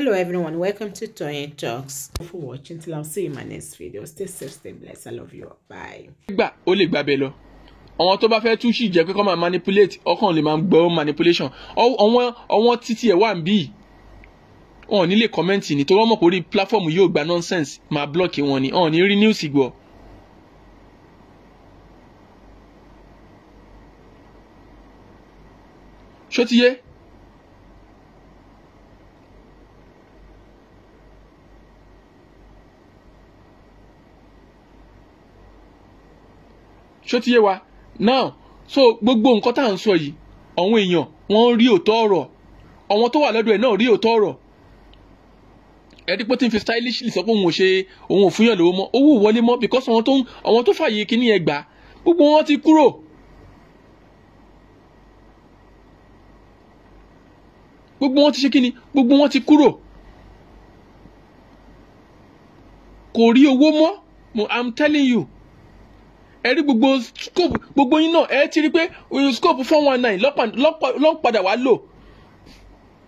hello everyone welcome to Toyin Talks Thank you for watching till I see you in my next video stay safe stay blessed i love you bye. gbà ó lè gbàbẹ lọ àwọn tó bá fẹ́ tún sì jẹ́ pé kọ́ máa manipulate ọkàn lè máa gbọ́ manipulation ọwọ́n ọwọ́n títí ẹ̀ wà ń bí wọn ò ní lè kọ́mẹ́ǹtì ni torí wọ́n mọ̀ pé orí platform yóò gba nonsense máa block wọn ni wọn ò ní rí news gbọ́. ṣó ti yé ṣó ti yé wa now so gbogbo nǹkan tá à ń sọ yìí àwọn èèyàn wọ́n rí òótọ́ ọ̀rọ̀ àwọn tó wà lọ́dọ̀ ẹ̀ náà rí òótọ́ ọ̀rọ̀ ẹni pé tí n fi stylishly sọ pé òun ò ṣe òun ò fúnyàn lówó mọ́ owó wọlé mọ́ because àwọn tó àwọn tó fààyè kíní ẹ gbà gbogbo wọn ti kúrò. gbogbo wọn ti ṣe kíni gbogbo wọn ti kúrò kò rí owó mọ́ I'm telling you ẹ rí gbogbo scope gbogbo yín náà ẹ ti rí pé uh, scope four one nine lọ́n padà wá lò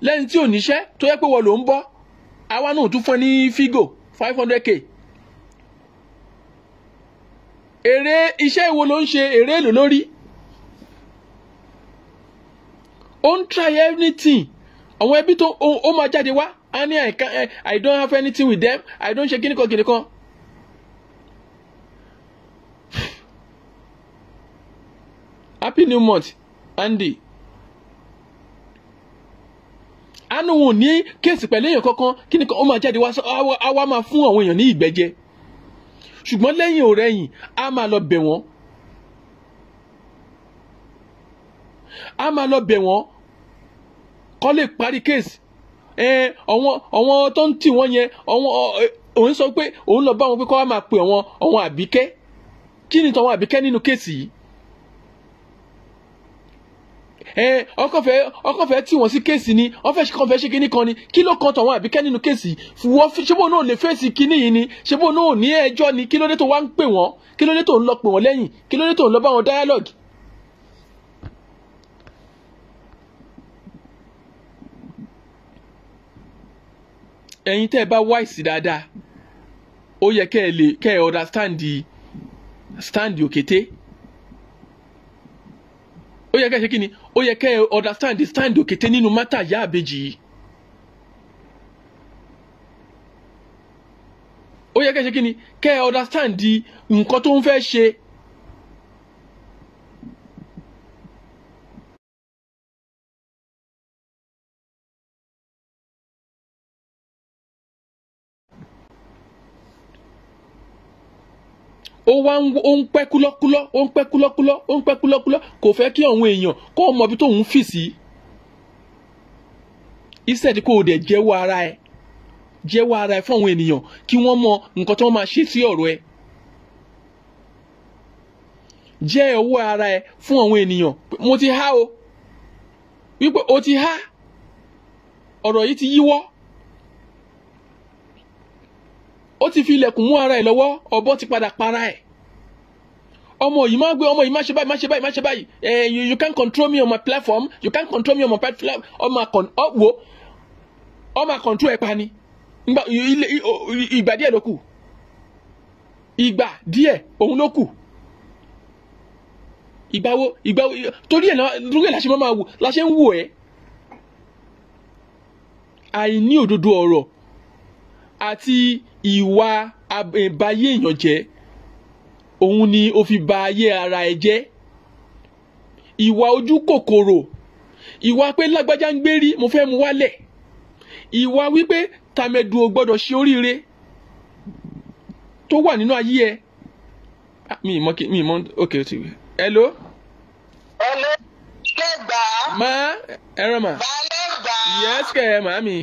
lẹ́yìn tí ò níṣẹ́ tó yẹ pé wọ́n ló ń bọ́ àwa náà tún fún ẹ ní figo five hundred k èrè iṣẹ́ ìwo ló ń ṣe èrè èlò lórí ó ń try anything àwọn ẹbí tó ó máa jáde wá á ní i don't have anything with them i don't ṣe kíníkan kíníkan happy new month andy anu wọn ní kéèsì pẹ̀lú èèyàn kankan kí ni ó máa jáde wá á wá máa fún àwọn èèyàn ní ìgbẹ́jẹ́ ṣùgbọ́n lẹ́yìn ọ̀rẹ́yìn á máa lọ bẹ̀ wọ́n á máa lọ bẹ̀ wọ́n kó lè parí kéèsì àwọn àwọn tó ń tì wọ́n yẹn òun sọ pé òun lọ bá wọn pé kó wá máa pè àwọn àwọn àbíkẹ́ kí ni tàwọn àbíkẹ́ nínú kéèsì yìí ẹ ọkọfẹ ọkọfẹ tí wọn sí kéèsì ni ọfẹ kọfẹ ṣe kínní kan ni kí ló kan tọwọn àbí kẹ nínú kéèsì wọ ṣebó náà lè fèsì kínní yìí ni ṣebó náà ní ẹjọ́ ni kí ló dé tó wá ń pè wọ́n kí ló dé tó ń lọ pè wọ́n lẹ́yìn kí ló dé tó ń lọ bá wọn dialogue. ẹ̀yin tẹ́ ẹ bá wáìsì dáadáa ó yẹ kẹ́ ẹ lè kẹ́ ẹ understand stand òkété. Okay ó yẹ kẹ́ ẹ ṣe kí ni ó yẹ kẹ́ ẹ understand the stand òkété nínú mátà ìyá àbèjì yìí ó yẹ kẹ́ kí ni kẹ́ understand nǹkan tó ń fẹ́ ṣe ó wá ó ń pẹ́ kúlọ́kúlọ́ ó ń pẹ́ kúlọ́kúlọ́ ó ń pẹ́ kúlọ́kúlọ́ kò fẹ́ kí àwọn èèyàn kó mọ ibi tóun fì sí. instead kó o dẹ̀ jẹ́wọ́ ara ẹ jẹ́wọ́ ara ẹ fún àwọn ènìyàn kí wọ́n mọ nǹkan tí wọ́n máa ṣe sí ọ̀rọ̀ ẹ. jẹ́ ọwọ́ ara ẹ fún àwọn ènìyàn mo ti há o wípé o ti há ọ̀rọ̀ yìí ti yíwọ́ ó ti fi ilẹ̀kùn mú ara ẹ̀ lọ́wọ́ ọ̀bọ ti padà para ẹ̀ ọmọ yìí má gbé ọmọ yìí má ṣe báyìí má ṣe báyìí má ṣe báyìí eh, you, you can't control me on my platform you can't control me on my platform ọmọ akọ̀n ọ̀wọ́ ọmọ akọ̀ntú ẹ̀ pani ìgbà díẹ̀ ló kù ìgbà díẹ̀ òun ló kù ìgbàwo ìgbàwo torí ẹ̀ lórí ẹ̀ la ṣe máa wò la ṣe ń wò ẹ́ àìní òdodo ọ̀rọ̀ àti ìwà àbẹ̀báyé èèyàn jẹ́ òun ni ó fi ba ayé ara ẹ jẹ́ ìwà ojú kòkòrò ìwà pé lágbájá ń gbérí mo fẹ́ mu wálẹ̀ ìwà wípé tàmẹ̀dù ò gbọ́dọ̀ ṣe oríire tó wà nínú ayé ẹ ah, mi mọ mi mọ ok ti wẹ hello. hello kẹgbàá. ma ẹran ma. balẹ̀ gbàá. yes kẹ màámi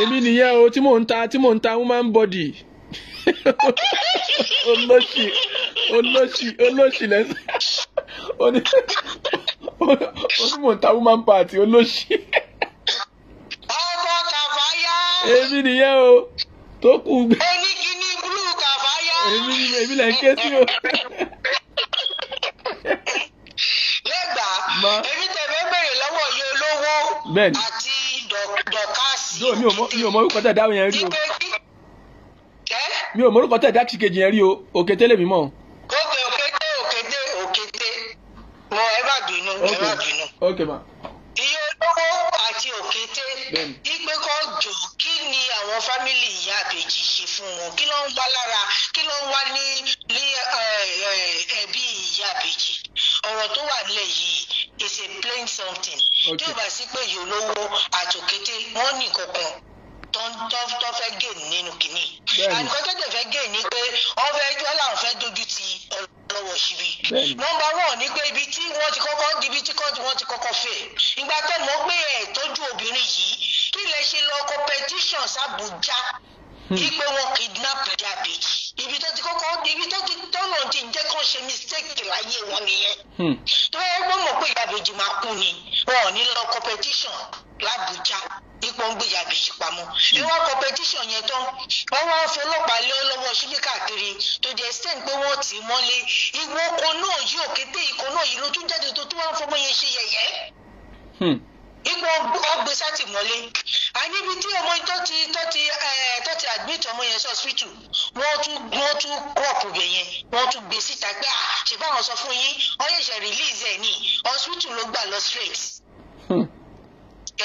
èmi nìyẹn o tí mò ń ta tí mò ń ta woman body olóṣì olóṣì olóṣì lẹ́sẹ̀ oní mò ń woman party olóṣì. ọkọ kàfáyà. èmi nìyẹn o tó kù. oníkìní blue kàfáyà. èmi èmi lẹ́ ń ké sí o. lẹ́gbàá èmi tẹ̀lé bèrè lọ́wọ́ yìí olówó àti dúró mi ò mọ orúkọ tẹ̀ dáhùn yẹn rí o mi ò mọ orúkọ tẹ̀ dáhùn kejì yẹn rí o òkété lèmi mọ̀. òkè òkété òkété òkété mo ẹ bá dùnú ẹ bá dùnú. ok ma. iye olówó àti òkété ipe kọ́ jọ kí ni àwọn fámìlì ìyá àbèjì ṣe fún wọn kí ló ń wá lára kí ló ń wá ní ẹbí ìyá àbèjì ọ̀rọ̀ tó wà nílẹ̀ yìí is plain something tí ò bá sí pé èyí olówó àtòkété wọn ní kankan tó fẹ́ gain nínú kìíní àdìgbò fẹ́ gain ni pé ọ̀fẹ́ ẹjọ́ làwọn fẹ́ dojú ti ọlọ́wọ́ síbi nọ́mbà one ni pé ibi tí wọ́n ti kọ́kọ́ ibi tí wọ́n ti kọ́kọ́ fẹ́ ìgbà tó mọ̀ pé ẹ̀ tọ́jú obìnrin yìí kí lè ṣe lọ competition sàbújá ipe hmm. wọn kidnap diabet ibi tó ti kọ́kọ́ ibi tó ti tọ́nà ti jẹ́ kàn ṣe mistake láyé wọn nìyẹn hmm. tó yẹ pé ìyábejì máa kú ni wọn ò ní lọ competition làbújá ipò ń gbé ìyábejì pamọ́ ìwọ hmm. competition yẹn tán wọn wá fi ọlọ́pàá lé lọ́wọ́ ṣíbí káàkiri tó jẹ stain pé wọn tì í mọ́lé ìwọ ọkọ náà yí òkété ìkọ náà yìí ló tún jáde tó tún wá fọmọ yẹn ṣe yẹ̀yẹ́. Hmm ipò ọgbẹ́sẹ̀ ti àní ibi tí ọmọ tó ti tó ti tó ti admit ọmọ yẹn sí hospital wọ́n tún wọ́n tún kọ́ọ̀pù bẹ̀ yẹn wọ́n tún gbé síta pé ah, ṣùgbọ́n àwọn sọ fún yín wọ́n yẹ̀ ṣe release ẹ̀ ní hospital ló gbà lọ straight hmm.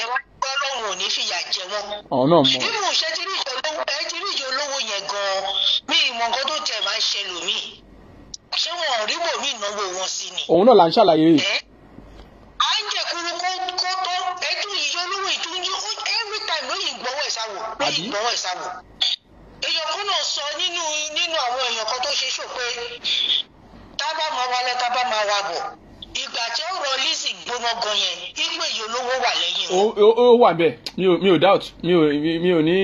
ẹ wá ò ní fìyà jẹ wọ́n. ọ̀nà mọ̀. bí mo ṣe ti rí ìjọ olówó ẹ ti rí ìjọ olówó yẹn gan-an mi ìmọ̀ nǹkan tó tẹ̀ máa ń ṣe lòmíì ṣé wọn ò rí bòmí ìnáwó wọn sí ni. òun náà là ń ṣàlàyé yìí. olówó ìtúnjú every time lóyìn gbọ́wọ́ ìsáwò lóyìn gbọ́wọ́ ìsáwò èèyàn náà sọ nínú nínú àwọn èèyàn kan tó ṣe ṣò pé tá bá máa wá lọ tá bá máa wá bọ̀ ìgbà tí ó rọ lizzy gbóná gan yẹn ipò èyí olówó wà lẹ́yìn ó wà bẹ́ẹ̀ mi ò doubt mi ò ní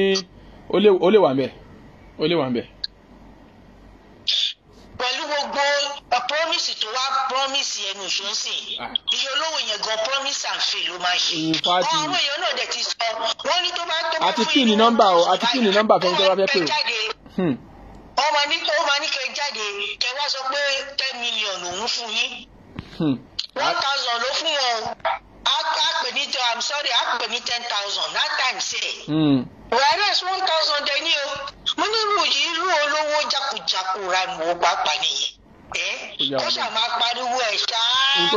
ó lè wà bẹ́ẹ̀ ó lè wà bẹ́ẹ̀. pẹ̀lú gbogbo a promise tó wá promise ẹnu ìṣọ́nsìn ah. iye olówó yẹn gan promise and fail ló máa ṣe mm, àwọn èèyàn náà dẹ̀ ti sọ wọ́n ní tó bá tó bá fún ìlú àti pin nọ́mbà o àti tó bá fẹ́ pè o. wọ́n ní wọ́n máa ní kẹ́ jáde kẹ́ wá sọ pé ten million òun fún yín hmm. one ah. thousand ló fún wọn o a pè i'm sorry a ní ten thousand that time say. Hmm. whereas one thousand dẹ ní o mo ní irú yìí irú olówó jákujàku ra ìmọ̀ pàápàá nìyẹn kó ṣáà máa pariwo ẹ̀ ṣáá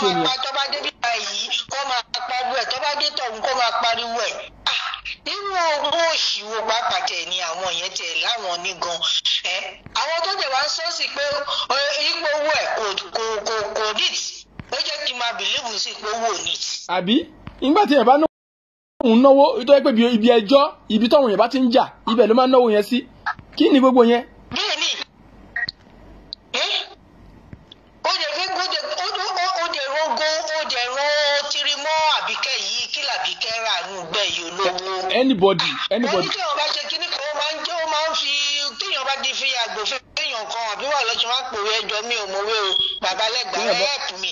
kó máa pa tó bá débi báyìí kó máa pariwo ẹ̀ tó dé tọ̀hún kó máa pariwo ẹ̀ ah, nínú owó òṣìwò pàápàá ni àwọn yẹn tẹ̀ láwọn ní ẹ àwọn tó tẹ̀ wá ń sọ́ọ̀sì pé ipò owó ẹ̀ kò kò kò nít ó jẹ́ kí n máa bìlíìfù sí ipò owó nít. àbí nígbà tí yẹn bá náwó náwó tó yẹ pé ibi ẹjọ́ ibi táwọn yẹn bá ti ń jà ibẹ̀ ló máa náwó yẹn sí kí ni gbogbo yẹn anybody anybody. ẹni tí wọn ṣe kíní kan ó máa ń jẹ́ ó máa ń fi téèyàn bá di fi àgbò fún téèyàn kan àbí wà lọ́sùn máa ń pòwe ẹjọ́ mi ò mọ̀wé o bàbá lẹ́gbàá help me.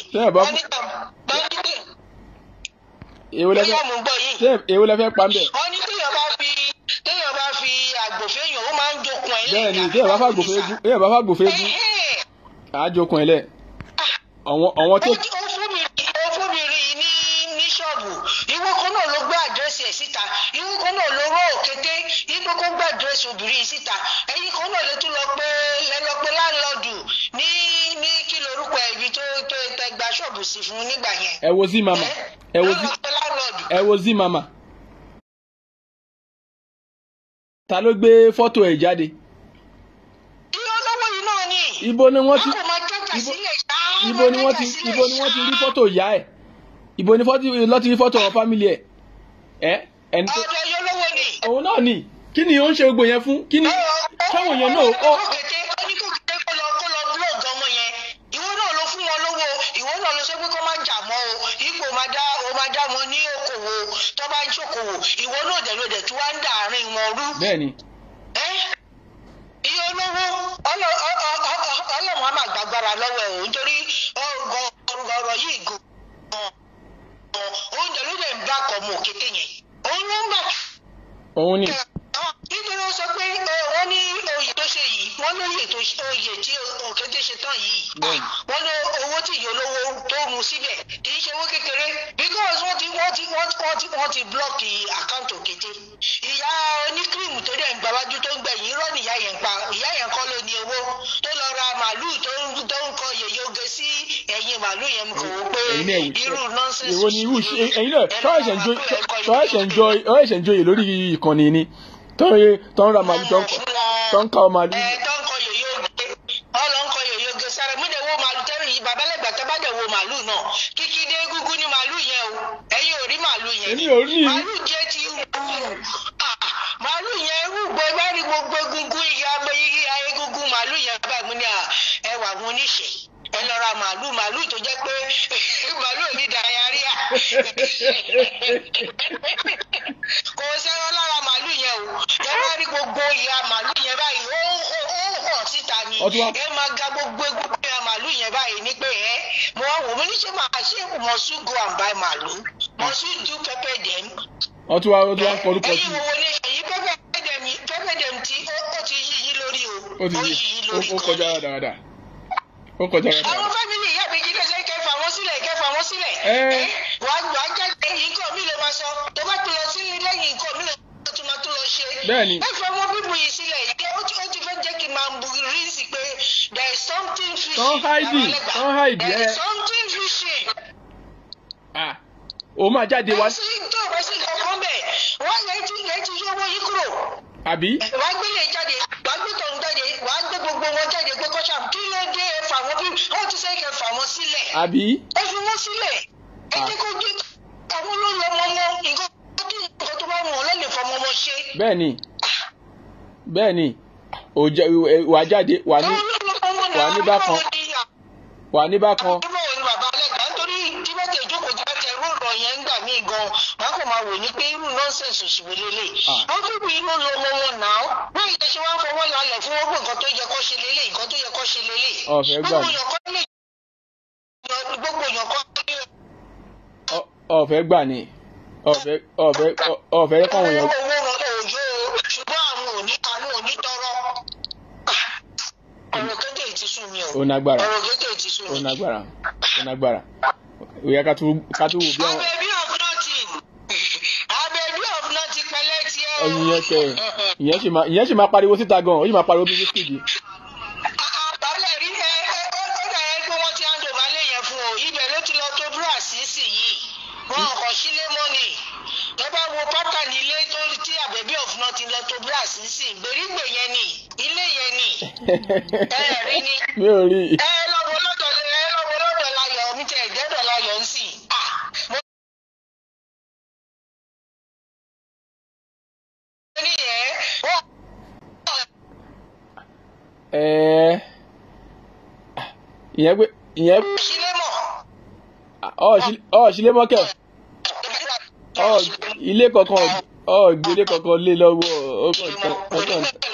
èwo lẹ fẹ́ pa mbẹ. wọ́n téèyàn bá fi téèyàn bá fi àgbò fún ó máa ń jokun ẹ̀ lẹ́yìn. bẹ́ẹ̀ni téèyàn bá fàgbò téèyàn bá fàgbò fún egu àá jokun ẹ̀ lẹ ah. àwọn tó. ìwọ kan náà ló gbé àdírẹ́sì ẹ̀ síta ìwọ kan náà ló rọ òkété ìgbó kó gbé àdírẹ́sì obìnrin yìí síta ẹ̀yin kan náà lè tún lọ pé lẹ́lọ pé láńlọ́ọ̀dù ní ní kí lorúkọ ẹ̀bí tó tó tẹ gba ṣọ́ọ̀bù sí fún nígbà yẹn. ẹ wo sí mama ẹ wo sí ẹ wo sí mama ta ló gbé fọ́tò ẹ̀ jáde. iye olówó yìí náà ni. ibo ni wọ́n ti ibo ni wọ́n ti ibo ni wọ́n ti rí fọ́tò ìyá ẹ̀ ìbò ní lọ́tí ní fọ́tò fámìlì ẹ̀ ẹ́ ẹni tó. ọjọ́ yóò lówó ni. òun náà ni kí ni ó ń ṣe gbogbo yẹn fún kí ni káwọn èèyàn náà ó. ìwọ náà dẹ̀ ló dẹ̀ tí wọ́n ń dà àárín wọn rú. bẹ́ẹ̀ni. ẹ iye olówó ọlọ́mọ àmàgbàgbára lọ́wọ́ ẹ̀ ò nítorí ọ̀rọ̀ yìí gùn oúnjẹ ló dẹ̀ ń bá kọ̀ ọmọ òkété yẹn òun ló ń bà. òun ni nítorí sọ pé wọ́n ní oyè tó ṣe yìí wọ́n ní oyè tó oyè tí òkété ṣe tán yìí wọ́n ní owó tí ìyá tó mu síbẹ̀ kì í ṣe owó kékeré because wọ́n ti wọ́n ti wọ́n ti wọ́n ti block account òkété ìyá oníkírìmù tó dẹ̀ ń gbàwájú tó ń gbẹ̀yìn irọ́ nìyá yẹn pa ìyá yẹn kọ́ ló ní owó tó lọ ra màálù tó ń tó ń kọ yèyé oge sí ẹ̀yìn màálù yẹn kò wó pé irú nonsense. èwo ni irú ẹ̀yin náà ṣọ́ọ̀ṣẹ̀ ń jọ ẹ̀yin náà ṣọ́ọ̀ṣẹ̀ ń lórí ìkànnì ni tọ́yé tọ́ ń ra màálù tọ́ ń ka ọ màálù. ẹ tọ́ ń kọ yòyó oge ọlọ ń kọ yòyó oge sáré mí de wo màálù tẹ́rù yìí babalẹ́gbà tẹ́ bá dẹ̀ wo màálù náà kíkí dé gúgú ní màálù yẹn o ẹ̀yin ò rí màálù yẹn ni màálù jẹ́ ti wù màálù yẹn rúgbọ bá rí gbogbo egungun iye abẹ iye egungun màálù yẹn bá mi ní ẹwà wọn níṣẹ́ ẹ lọ ra màálù màálù tó jẹ́ pé màálù mi dàáyáríà. ẹ máa ga gbogbo egbò pé a màlúù yẹn báyìí ní pé ẹ mo wò mí níṣẹ́ máa ṣe must you go and buy màlúù must you do pepper dem. wọ́n tún wá wọ́n tún wá kọ́ orúkọ sí. ẹyin wo ni èyí pepper dem pepper dem tí ó ti yí yí lórí o ó yí yí lórí kan. ó kọjá dáadáa ó kọjá dáadáa. àwọn fámìlì ìyá mi jíjẹ sẹ́yìn kẹfà wọn sílẹ̀ kẹfà wọn sílẹ̀ wàá wàá jáde nǹkan mi lè máa sọ tó bá tó lọ sí mi lè máa tó lọ ṣe. tán háìdì tán háìdì ẹ. ó máa jáde wá. àbí. wàá gbélé jáde wàá gbé tọ̀hún jáde wàá gbé gbogbo wọn jáde gbé kọ́ṣà kí ló dé ẹ fà wọn bí wọn ti sẹ́yìn kẹ fà wọn sílẹ̀. àbí. ẹ fi wọn sílẹ̀ ẹ jẹ́ kó àwọn olóyè ọmọ ọmọ nǹkan nǹkan tó bá wọn lẹ́nu fọmọ ọmọ ṣe. bẹ́ẹ̀ni bẹ́ẹ̀ni ò jáde wà ní ní bákan wà ní bákan. àbúrò ni bàbá alẹ́gbàá nítorí tíbẹ̀tẹ̀ ìjókòó tíbẹ̀tẹ̀ irú ọ̀rọ̀ yẹn bí irú lọ lọ wọn nà ó wọn ṣe wọn fọwọ́ lálẹ̀ fún wọn nǹkan tó yẹ kó ṣe lélẹ̀ nǹkan tó yẹ kó ṣe lélẹ̀ gbogbo èèyàn kọ́ ọ̀fẹ́ gbà ni ọ̀fẹ́ ọ̀fẹ́ ọ̀fẹ́ kọ́ àwọn ó nágbára ó nágbára ó nágbára ó yẹ ká tó wò bí àwọn. ẹyin yẹn tẹ ìyẹn sì máa ìyẹn sì máa pariwo síta gan ó sì máa pariwo bí wíṣíkì di. àbálẹ̀ rí ẹ ó dà ẹ́ pé wọ́n ti hàn dòbá lè yẹn fún o ibẹ̀ ló ti lọ tó búrà sí yìí wọn kò sílé mọ́nì tó bá wo pátá ilé tí àbẹ̀bí ọ̀fun ti lọ tó búrà sí gbèrígbè yẹn ni ilé yẹn ni. mi ò ìyẹn pé ìyẹn. ọ ṣílé mọ́kẹ́ ọ ilé kankan ọ gbélé kankan lé lọ́wọ́ ọkàn tán.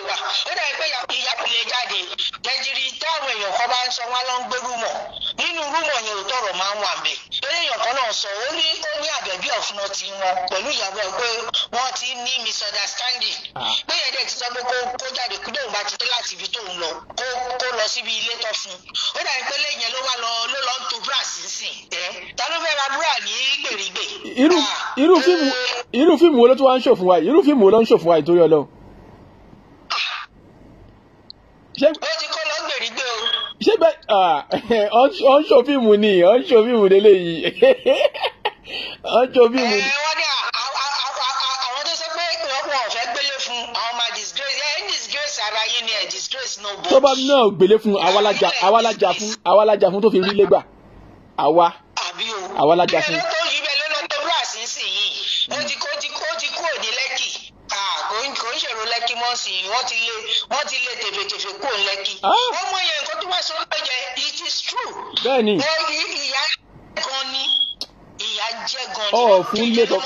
ti wọn pẹ̀lú ìyàwó ẹ̀ pé wọ́n ti ní misunderstanding ah. pé yẹn dẹ̀ ti sọ pé kó jáde kú lóun bá ti dé láti ibi tóun lọ kó lọ síbi ilé tó fún un ó dàbí pé lẹ́yìn ló wá lọ ló lọ ń to búrà sínsìn ẹ ta ló ra búrà ní gbèrègbè. irú ah. irú fíìmù eh. irú fíìmù wo ló tún wá ń ṣòfò wa irú fíìmù wo ló ń ṣòfò wa ìtorí Ọlọ́run. Ah. ó ti kó lọ gbèrègbè o. ṣé bẹ́ẹ̀ ọ̀ ń ṣòfìmù ni ọ̀ ń ṣòfìmù lélẹ́yìí. ọjọ́ bí mo. Eh, wọ́n ní àwọn tó sọ pé wọ́n fẹ́ gbélé fún àwọn máa disgrace ẹ̀ ń disgrace ara yín ni ẹ̀ disgrace no bo. tó bá náà gbélé fún awalaja fún awalaja fún tó fi rí lẹ́gbà àwa awalaja fún. ìrẹ̀lẹ́ tó bẹ́ẹ̀ ló lọ́ọ́ tó àṣìṣe yìí ó ti kó ti kú òní lẹ́kì kò ń ṣèrò lẹ́kì mọ́ sí i wọ́n ti lé wọ́n ti lé tèfètèfè kú lẹ́kì. Ah! wọ́n mọ iye nǹkan tó wá sọ́ọ́ pẹ́jẹ it is true. bẹ́ẹ̀ ni. ọ fún létọ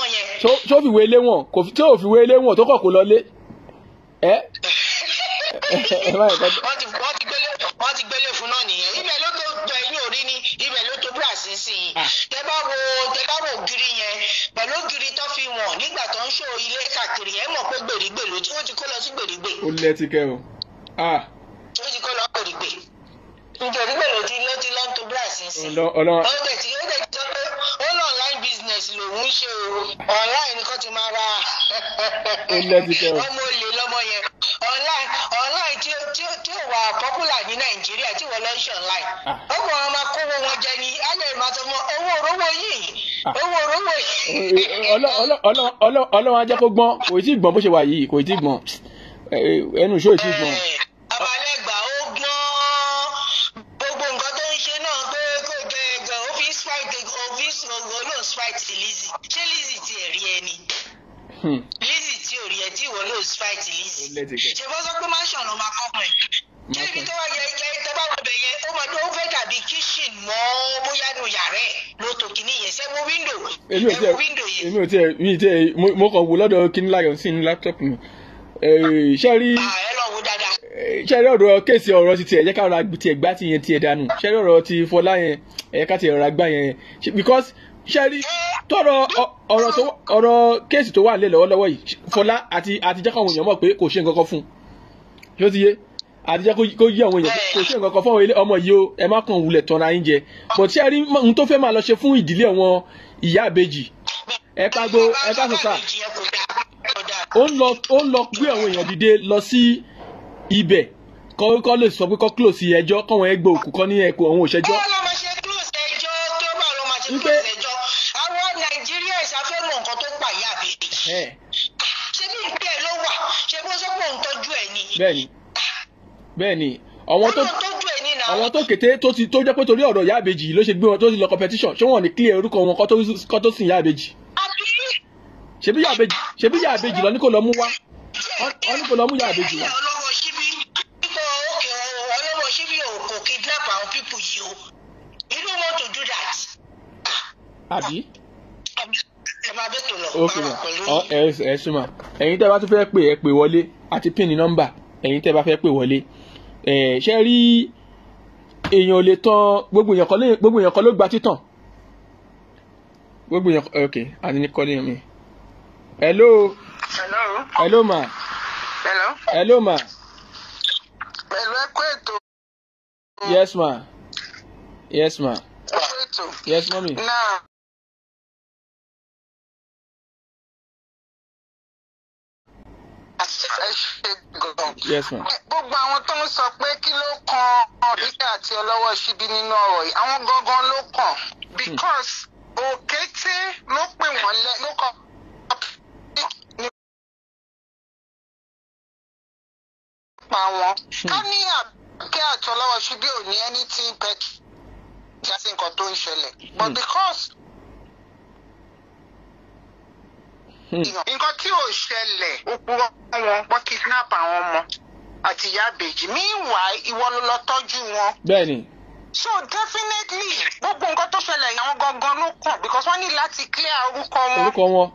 tó fìwé léwọ̀n kò tí ò fìwé léwọ̀n tó kọ̀ kó lọlé ẹ ẹ má yẹ kọjá. wọ́n ti gbélé fún náà nìyẹn ibẹ̀ ló tó jọ inú orí ni ibẹ̀ ló tó búrasì sí i tẹ bá wo tẹ bá wo ògiri yẹn pẹ̀lú ògiri tó fi wọ̀n nígbà tó ń ṣó ilé káàkiri yẹn mọ̀ pé gbèrègbè ló tí wọ́n ti kó lọ sí gbèrègbè. ó lẹ ti kẹ o. ó ti kó lọ gbèrègbè gbèrègbè ló ti lọ́ ti lọ́ ń tó búrasì sí i. ọlọ́run ní í o online kò ti máa ra ọmọ olè lọmọ yẹn online online tí ó tí ó tí ó wà popular ní nàìjíríà tí wọ́n lọ ń ṣe online ah. ó kàn wọ́n máa kówó wọn jẹ ní ayé ìmọ̀tọ́mọ owó òróró yìí ah. owó òróró yìí. Eh, ọlọ́run á jẹ́ kó gbọ́n kò tí ì gbọ́n bó ṣe wà yìí kò tí ì gbọ́n eh, eh, ẹnu ìṣó ì tí ì gbọ́n. Hmm. Lizzie, tí ò rí ẹ tí ìwọ yóò fight Lizzy ṣe bọ́ sọ pé mansion ló máa kọ́ ọmọ ẹ̀ kí ibi tó wà yẹ yẹ tẹ́ bá wọ bẹ̀ yẹn ó máa tó fẹ́ dàbí kitchen mọ́ bóyá nu yàrá ẹ̀ ló tó kíní yẹn ṣe wo window ẹ wo window yẹn. èmi ò tiẹ̀ mi ò tiẹ̀ mo kàn wò lọ́dọ̀ kíní láyọ̀ sí ní laptop mi ṣe rí ah, ṣe rí ọ̀rọ̀ kéèsì ọ̀rọ̀ ti tiẹ̀ jẹ́ ká ọ̀rọ̀ tiẹ̀ gbá ti yẹn tiẹ̀ dànù ṣe rí ọ̀rọ̀ ti fọlá yẹn ẹ̀yẹ tiẹ̀ ọ̀rọ̀ gbá yẹn because ṣe tọrọ ọ̀rọ̀ tó ọ̀rọ̀ kéèsì tó wà lé lọ́wọ́lọ́wọ́ yìí Fọlá àti àtijọ́ kan àwọn èèyàn mọ̀ pé kò ṣe nǹkan kan fún un yóò ti yé àtijọ́ kó yí àwọn èèyàn kò ṣe nǹkan kan fún àwọn ọmọ yìí o ẹ má kàn wulẹ̀ tọ́ra yín jẹ bọ̀ tí ẹ rí ohun tó fẹ́ máa lọ ṣe fún ìdílé àwọn ìyá àbejì ẹ pàgbó ẹ bá sọ̀tà ó ń lọ gbé àwọn èèyàn dìde lọ sí ibẹ̀ kọ́ lè sọ pé kọ́ close ẹjọ́ kọ́ wọn ẹ gbé òkú kọ́ ní ẹ̀kọ́ àwọn òṣẹ́jọ́. wọ́n lọ́ ṣebí ìpè ló wà ṣebí ó sọ pé òun tọ́jú ẹ̀ ni. bẹ́ẹ̀ni bẹ́ẹ̀ni àwọn tó àwọn tó kété tó ti tó jẹ́ pé torí ọ̀rọ̀ ìyá àbèjì ló ṣe gbé wọn tó ti lọ competition ṣé wọn ò ní clear orúkọ wọn kó tó sìn ìyá àbèjì. ṣebí ìyá àbèjì lọ ní kò lọ mú wá ọ ní kò lọ mú ìyá àbèjì wá. àbí bẹ́tò lọ máa pẹ̀lú yín. ẹ ṣe mà ẹ̀yin tẹ́ bá tún fẹ́ pè ẹ pè wọlé àti pin ní nọ́mbà ẹ̀yin tẹ́ bá fẹ́ pè wọlé ṣe rí èèyàn ò lè tán gbogbo èèyàn kan ló gba títàn gbogbo èèyàn ok àti ní kọ́lé mi. hello. hello. hello ma. hello. hello ma. pẹ̀lú ẹ̀kọ́ ètò. yes ma. yes ma. ẹ̀kọ́ ètò. yes mọ́mí. náà. yes ma'am. gbogbo àwọn tó ń sọ pé kí ló kan ọ̀dídà àti ọlọ́wọ́ ṣíbí nínú ọ̀rọ̀ yìí àwọn gangan ló kàn hmm. because òkété ló pè wọ́n lẹ́ ló kọ́ nípa wọn hmm. ká ní àbíkẹ́ àti ọlọ́wọ́ ṣíbí ò ní anything pet jáde nǹkan tó ń ṣẹlẹ̀ but hmm. because. Hmm. nǹkan tí ò ṣẹlẹ̀ ó purọ́ wọn wọ́n kidnap àwọn ọmọ àti ìyá àbèjì meanwhile ìwọ ló lọ tọ́jú wọn. bẹ́ẹ̀ni. so definitely gbogbo nǹkan tó ṣẹlẹ̀ yẹn wọn gangan ló kàn because wọ́n ní láti clear orúkọ wọn. orúkọ wọn.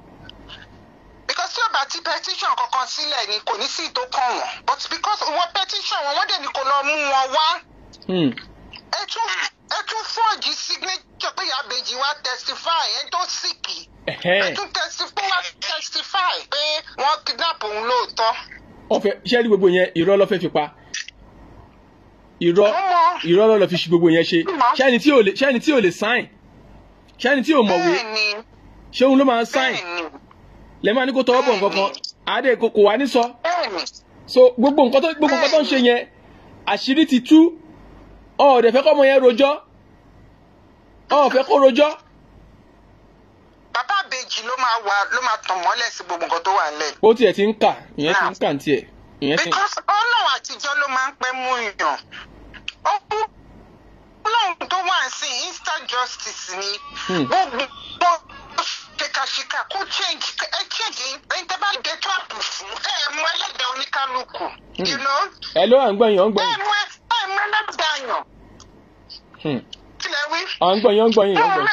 because tí o bá ti petition kankan sílẹ̀ ni kò ní sí ìtò kàn wọ́n but because wọ́n petition wọn wọ́n dẹ̀ ní kò lọ mú wọn wá. Hmm. ẹ tún ẹ tún fọ́ọ̀jì signature pé ìyábẹ̀jì wa testify ẹ tó sìkì ẹ tún testify testify. pé wọ́n kidnap òun lóòótọ́. ọfẹ ṣẹlí gbogbo yẹn irọ́ ló fẹ́ fi pa irọ́ irọ́ ló lọ fi ṣe gbogbo yẹn ṣe ṣẹni tí ò lè ṣẹni tí ò lè sign ṣẹni tí ò mọ̀wé ṣéun ló máa ń sign lè máa ní kó tọwọ́ bọ̀ nǹkan kan àádẹ́ kò wá ní sọ so gbogbo nǹkan tó ń ṣe yẹn àṣírí ti tú ọ̀ọ́dẹ̀ fẹ́ kọ́mọ yẹn rojọ́ ọ̀ọ́fẹ́ kó rojọ́. bàbá àbèjì ló máa wà ló máa tàn mọ́lẹ̀ sí gbogbo nǹkan tó wà nílẹ̀. ó tiẹ̀ ti ń kà ìyẹn ti ń kà tiẹ̀. because ọ̀nà àtijọ́ ló máa ń pẹ́ mú yàn ó kú lóhun tó wà sí instant justice ni hmm. gbogbo ṣèkàṣìkà kó change ẹ change ẹ̀ńtẹ́ bá dé trap fún ẹ̀ mú ẹlẹ́dẹ̀ oníkálukú. ẹ hmm. ló à ń gbẹ̀yìn ọ̀ ń gbẹ̀yìn. ẹ mú ẹ nana dànù. Hmm. à ń gbọ́ ń gbọ́ yín à ń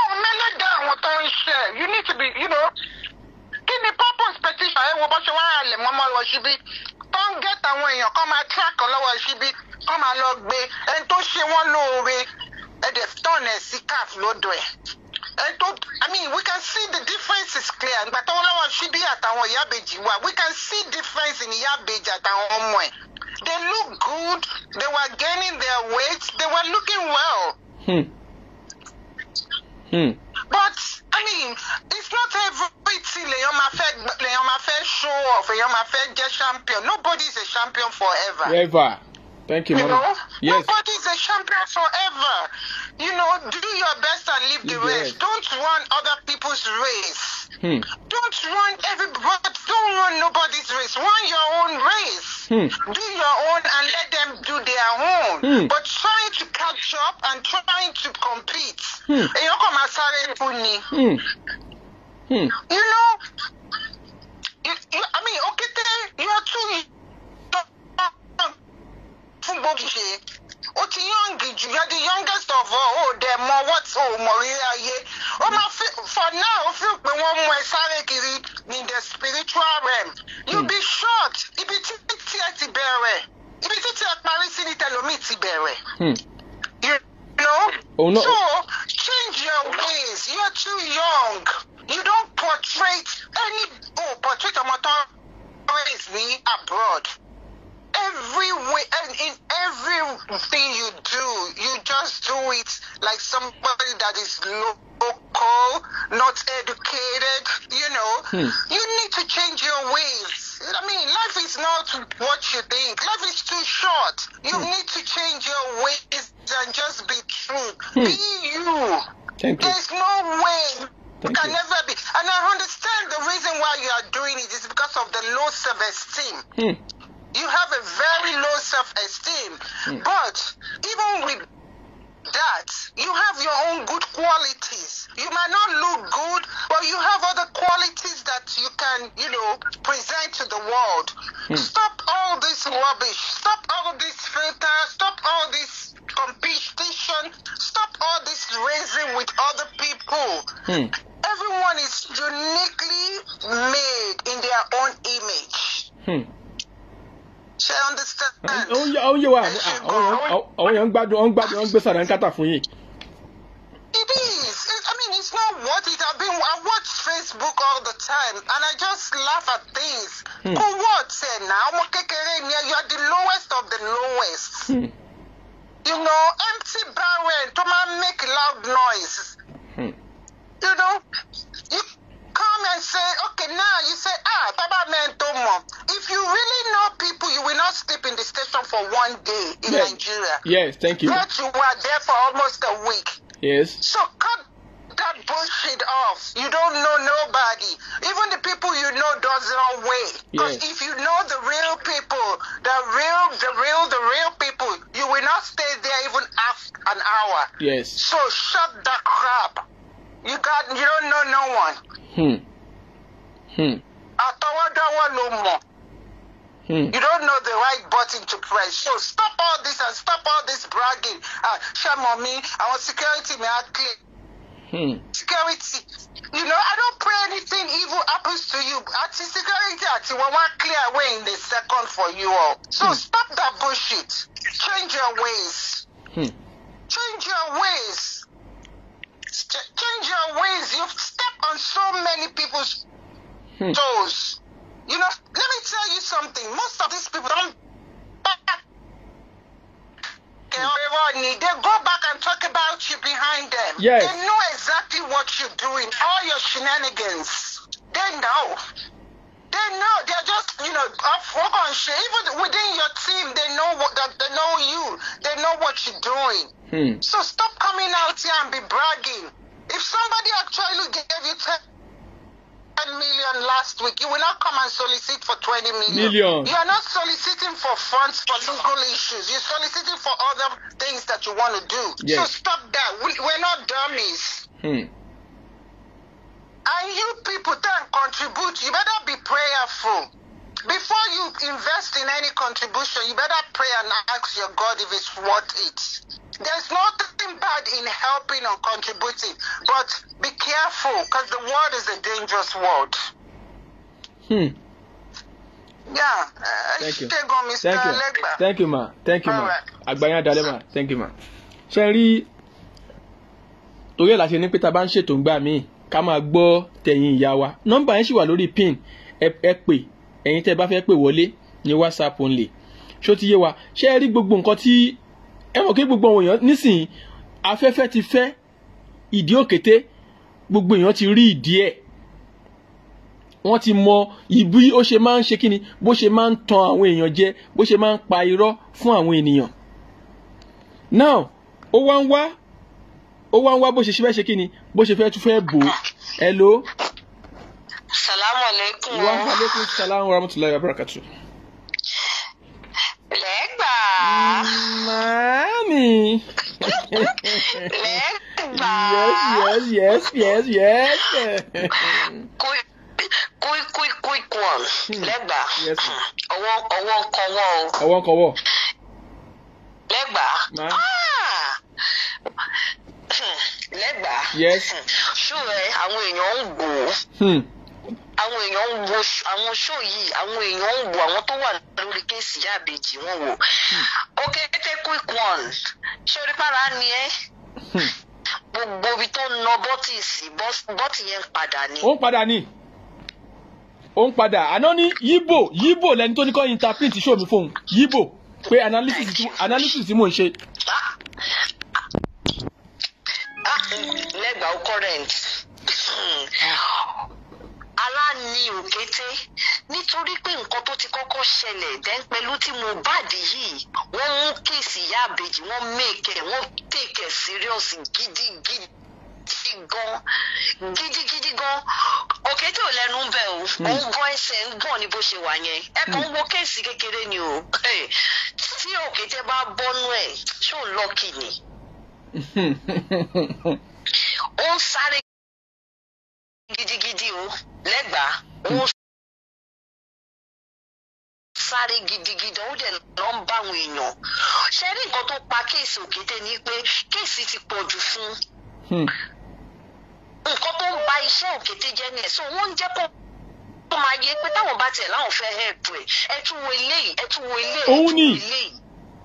àwọn oh, oh, tó ń ṣe you need to be you know kí ni purpose petition ẹ wo bó ṣe wá àlè mọ́mọ́ lọ síbí tó ń gẹ́tà àwọn èèyàn kó máa track lọ́wọ́ síbí kó máa lọ gbé ẹni tó ṣe wọ́n lóore ẹ̀dẹ̀ tọ̀nà sí caf lọ́dọ̀ ẹ̀. I I mean, we can see the difference is clear. Ìgbà táwọn ọlọ́wọ́ ṣíbí àtàwọn ìyábejì wa, we can see difference in ìyábejì àtàwọn ọmọ ẹ̀. They look good, they were gaining their weight, they were looking well. Hmm. Hmm. But I mean, it's not everything lèèyàn máa fẹ́ lèèyàn máa fẹ́ show off, lèèyàn máa fẹ́ jẹ́ champion. Nobody is a champion forever. Never. Thank you, you Know? Yes. Nobody a champion forever. You know, do your best and leave the rest. race. Don't run other people's race. Hmm. Don't run everybody. Don't run nobody's race. Run your own race. Hmm. Do your own and let them do their own. Hmm. But trying to catch up and trying to compete. Hmm. Hmm. Hmm. You know, you, you, I mean, okay, you are too bó ṣe ó ti yọ̀ǹgì jù yọ the youngest of all ó dẹ̀ mọ what ó mọ̀ rírí ayé ó máa fi for now ó fi pé wọ́n mú ẹ sáré kiri in the spiritual realm you hmm. be short ibi tí tí ẹ ti bẹ̀rẹ̀ ibi tí tí ẹ parí sí ní tẹlomi ti bẹ̀rẹ̀. Hmm. You know? Oh, no. So change your ways. You're too young. You don't portray any oh portray ọmọ tó raise ní abroad. every way and in everything you do, you just do it like somebody that is local, not educated, you know. Hmm. You need to change your ways. I mean, life is not what you think. Life is too short. You hmm. need to change your ways and just be true. Hmm. Be you. Thank There's you. no way Thank can you. never be. And I understand the reason why you are doing it is because of the low self-esteem. Hmm you have a very low self esteem. But even with that, you have your own good qualities. You might not look good, but you have other qualities that you can, you know, present to the world. Hmm. Stop all this rubbish. Stop all this filter. Stop all this competition. Stop all this raising with other people. Hmm. wà àwọn èèyàn ń gbádùn ń gbádùn ń gbé sàdánkátà fún yìí. it is i mean it's not worth it i been i watch facebook all the time and i just laugh at things. Hmm. kò wọ́ọ̀tì ẹ̀ náà ọmọ kékeré ni you are the lowest of the lowest. Hmm. sleep in the station for one day in yes. Nigeria. Yes, thank you. But you were there for almost a week. Yes. So cut that bullshit off. You don't know nobody. Even the people you know does not wrong way. Because yes. if you know the real people, the real, the real, the real people, you will not stay there even after an hour. Yes. So shut the crap. You got. You don't know no one. Hmm. Hmm. Mm. You don't know the right button to press. So stop all this and stop all this bragging. Uh, share mommy, our security may I clear? Hmm. Security. You know, I don't pray anything evil happens to you. At security, at one clear way in the second for you all. So hmm. stop that bullshit. Change your ways. Hmm. Change your ways. Ch- change your ways. You've stepped on so many people's hmm. toes. You know, let me tell you something. Most of these people don't back. Rodney, they go back and talk about you behind them. Yes. They know exactly what you're doing, all your shenanigans. They know. They know. They're just, you know, up on shit. Even within your team, they know what they know you. They know what you're doing. Hmm. So stop coming out here and be bragging. If somebody actually gave you. Te- 10 million last week. You will not come and solicit for 20 million. million. You are not soliciting for funds for legal issues. You're soliciting for other things that you want to do. Yes. So stop that. We, are not dummies. Hmm. And you people don't contribute. You better be prayerful. Before you invest in any contribution, you better pray and ask your God if it's worth it. There's nothing bad in helping or contributing, but be careful because the world is a dangerous world. Hmm. Yeah. Uh, thank you. Go, Thank you. Legba. Thank you, ma. Thank you, ma. Agbanya dalẹ́ ma. Thank you, ma. Sherry, rí torí ẹ̀ la ṣe ní pé ta bá ń ṣètò ńgbà míì ká máa gbọ́ tẹ̀yìn ìyá wa. Nọ́mbà yẹn ṣì wà lórí pin ẹ pè ẹ̀yin tẹ́ ẹ bá fẹ́ pè wọlé ní whatsapp only ṣó ti yé wa ṣé ẹ rí gbogbo nǹkan tí ẹ mọ̀ kí gbogbo àwọn èèyàn nísìnyí afẹ́fẹ́ ti fẹ́ ìdí òkété gbogbo èèyàn ti rí ìdí ẹ̀ wọ́n ti mọ ibi ó ṣe máa ń ṣe kíni bó ṣe máa ń tan àwọn èèyàn jẹ bó ṣe máa ń pa irọ́ fún àwọn ènìyàn now ó wá ń wá ó wá ń wá bó ṣe ṣe fẹ́ ṣe kíni bó ṣe fẹ́ tún fẹ́ bò hello salamu aleykum. wa aleykum salaam wa rahmatulahi wa barakatu. lẹ́gbà. maami. lẹ́gbà. yes yes yes yes yes. quick quick quick quick one. lẹ́gbà. ọwọ́ ọwọ́ kọwọ́ o. ọwọ́ kọwọ́. lẹ́gbà. Ah. Hmm. lẹ́gbà. yes. Hmm. ṣùgbọ́n àwọn èèyàn ń gbò àwọn èèyàn ń wo àwọn ṣó yìí àwọn èèyàn ń wo àwọn tó wà lórí kéèsì ìyá àbèjì wọn wò hmm. ok tètè quick one ṣé orí para ni ẹ hmm. gbogbo ibi tó ń ná bọ́tì sí bọ́tì yẹn ń padà ni. ó ń padà ni ó ń padà àná ní yíbò yíbò lẹni tó ní kọ́ interpret show mi fóun yíbò pé analysis tí mò ń ṣe. Ah, ah, lẹ́gbàá current. Hmm. Ah ní òkété nítorí pé nǹkan tó ti kọ́kọ́ ṣẹlẹ̀ then pẹ̀lú tí Mohbad yìí wọ́n mú kéèsì ìyá àbèjì wọ́n make ẹ̀ wọ́n take ẹ̀ serious gidigidi gan gidigidi gan òkété ò lẹ́nu bẹ o òun hmm. gan ẹsẹ̀ ń gbọ̀n ní bó ṣe wà yẹn ẹ kàn ń hmm. wo kéèsì kékeré ni o tí òkété bá bọ́nú ẹ̀ ṣó lọ́ọ̀kì ni ó ń sáré gidigidi o lẹ́gbàá wọ́n hmm. sáré gidigidi ó dẹ̀ lọ ń bá àwọn èèyàn ṣe rí nǹkan tó pa kéèsì òkété ni pé kéèsì ti pọ̀ jù fún hmm. nǹkan tó ń ba iṣẹ́ òkété jẹ́ ni ẹ̀ so wọ́n ń jẹ́ kó máa yé pé táwọn bá tiẹ̀ láwọn fẹ́ help ẹ̀ ẹ̀ tún wo eléyìí ẹ̀ tún wo eléyìí ẹ̀ tún wo eléyìí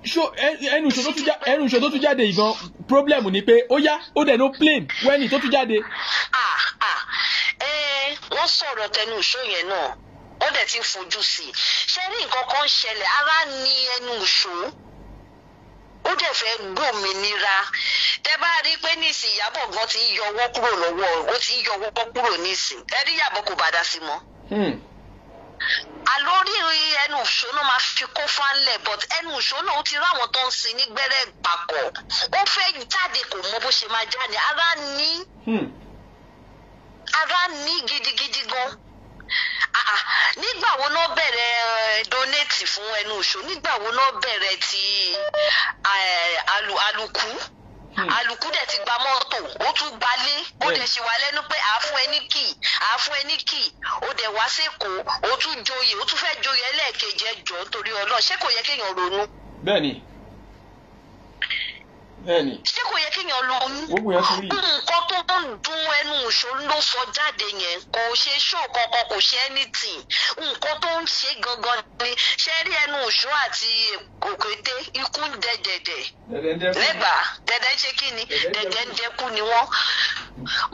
ẹnu ìṣó tó tún jáde yìí gan problem ni pé ó yá ó dẹ̀ no plane wẹ́nì tó tún jáde. wọ́n sọ̀rọ̀ tẹnu ìṣó yẹn náà ó dẹ̀ ti fojú sí i ṣé ní nǹkan kan ń ṣẹlẹ̀ ara ni ẹnu ìṣó ó dẹ̀ fẹ́ gbòmìnira tẹ́ bá rí pé nísìn Ìyábọ̀ gan ti ń yọwọ́ kúrò lọ́wọ́ ó ti ń yọwọ́ kúrò nísìn ẹ rí Ìyábọ̀ kò bá dá sí mọ́. Hmm àlórí ẹnu ìṣónú máa fi kó fánlẹ̀ but ẹnu ìṣónú ó ti ráwọn tó ń sin ní gbẹ́rẹ́ gbàkọ̀ ó fẹ́ jáde kò mọ bó ṣe máa jáde ara ní hmm. ara ní gidigidi gan ah, ah. nígbà wo náà bẹ̀rẹ̀ eh, donate fún ẹnu ìṣó nígbà wo náà bẹ̀rẹ̀ ti àlùkù. Eh, alùkù hmm. dẹ̀ ti gba mọ́tò ó tún gbalé ó dẹ̀ ṣì wà lẹ́nu pé àá fún ẹ ní kì àá fún ẹ ní kì ó dẹ̀ wá sẹ́kọ̀ọ́ ó tún joyè ó tún fẹ́ joyè ẹlẹ́ẹ̀kejì ẹjọ́ nítorí ọlọ́ọ̀ ṣé kò yẹ kéèyàn ronú. bẹ́ẹ̀ni bẹ́ẹ̀ni ṣé kò yẹ kéèyàn lóyún gbogbo yẹn ti rí nǹkan tó ń dún ẹnu ìṣó ló sọ jáde yẹn kò ṣe ṣó kankan kò ṣe anything nǹkan tó ń ṣe gangan ni ṣe rí ẹnu ìṣó àti òkété ikú ń dẹ dẹdẹ lẹ́bàá dẹdẹ ṣe kí ni dẹdẹ ń dẹkú ni wọ́n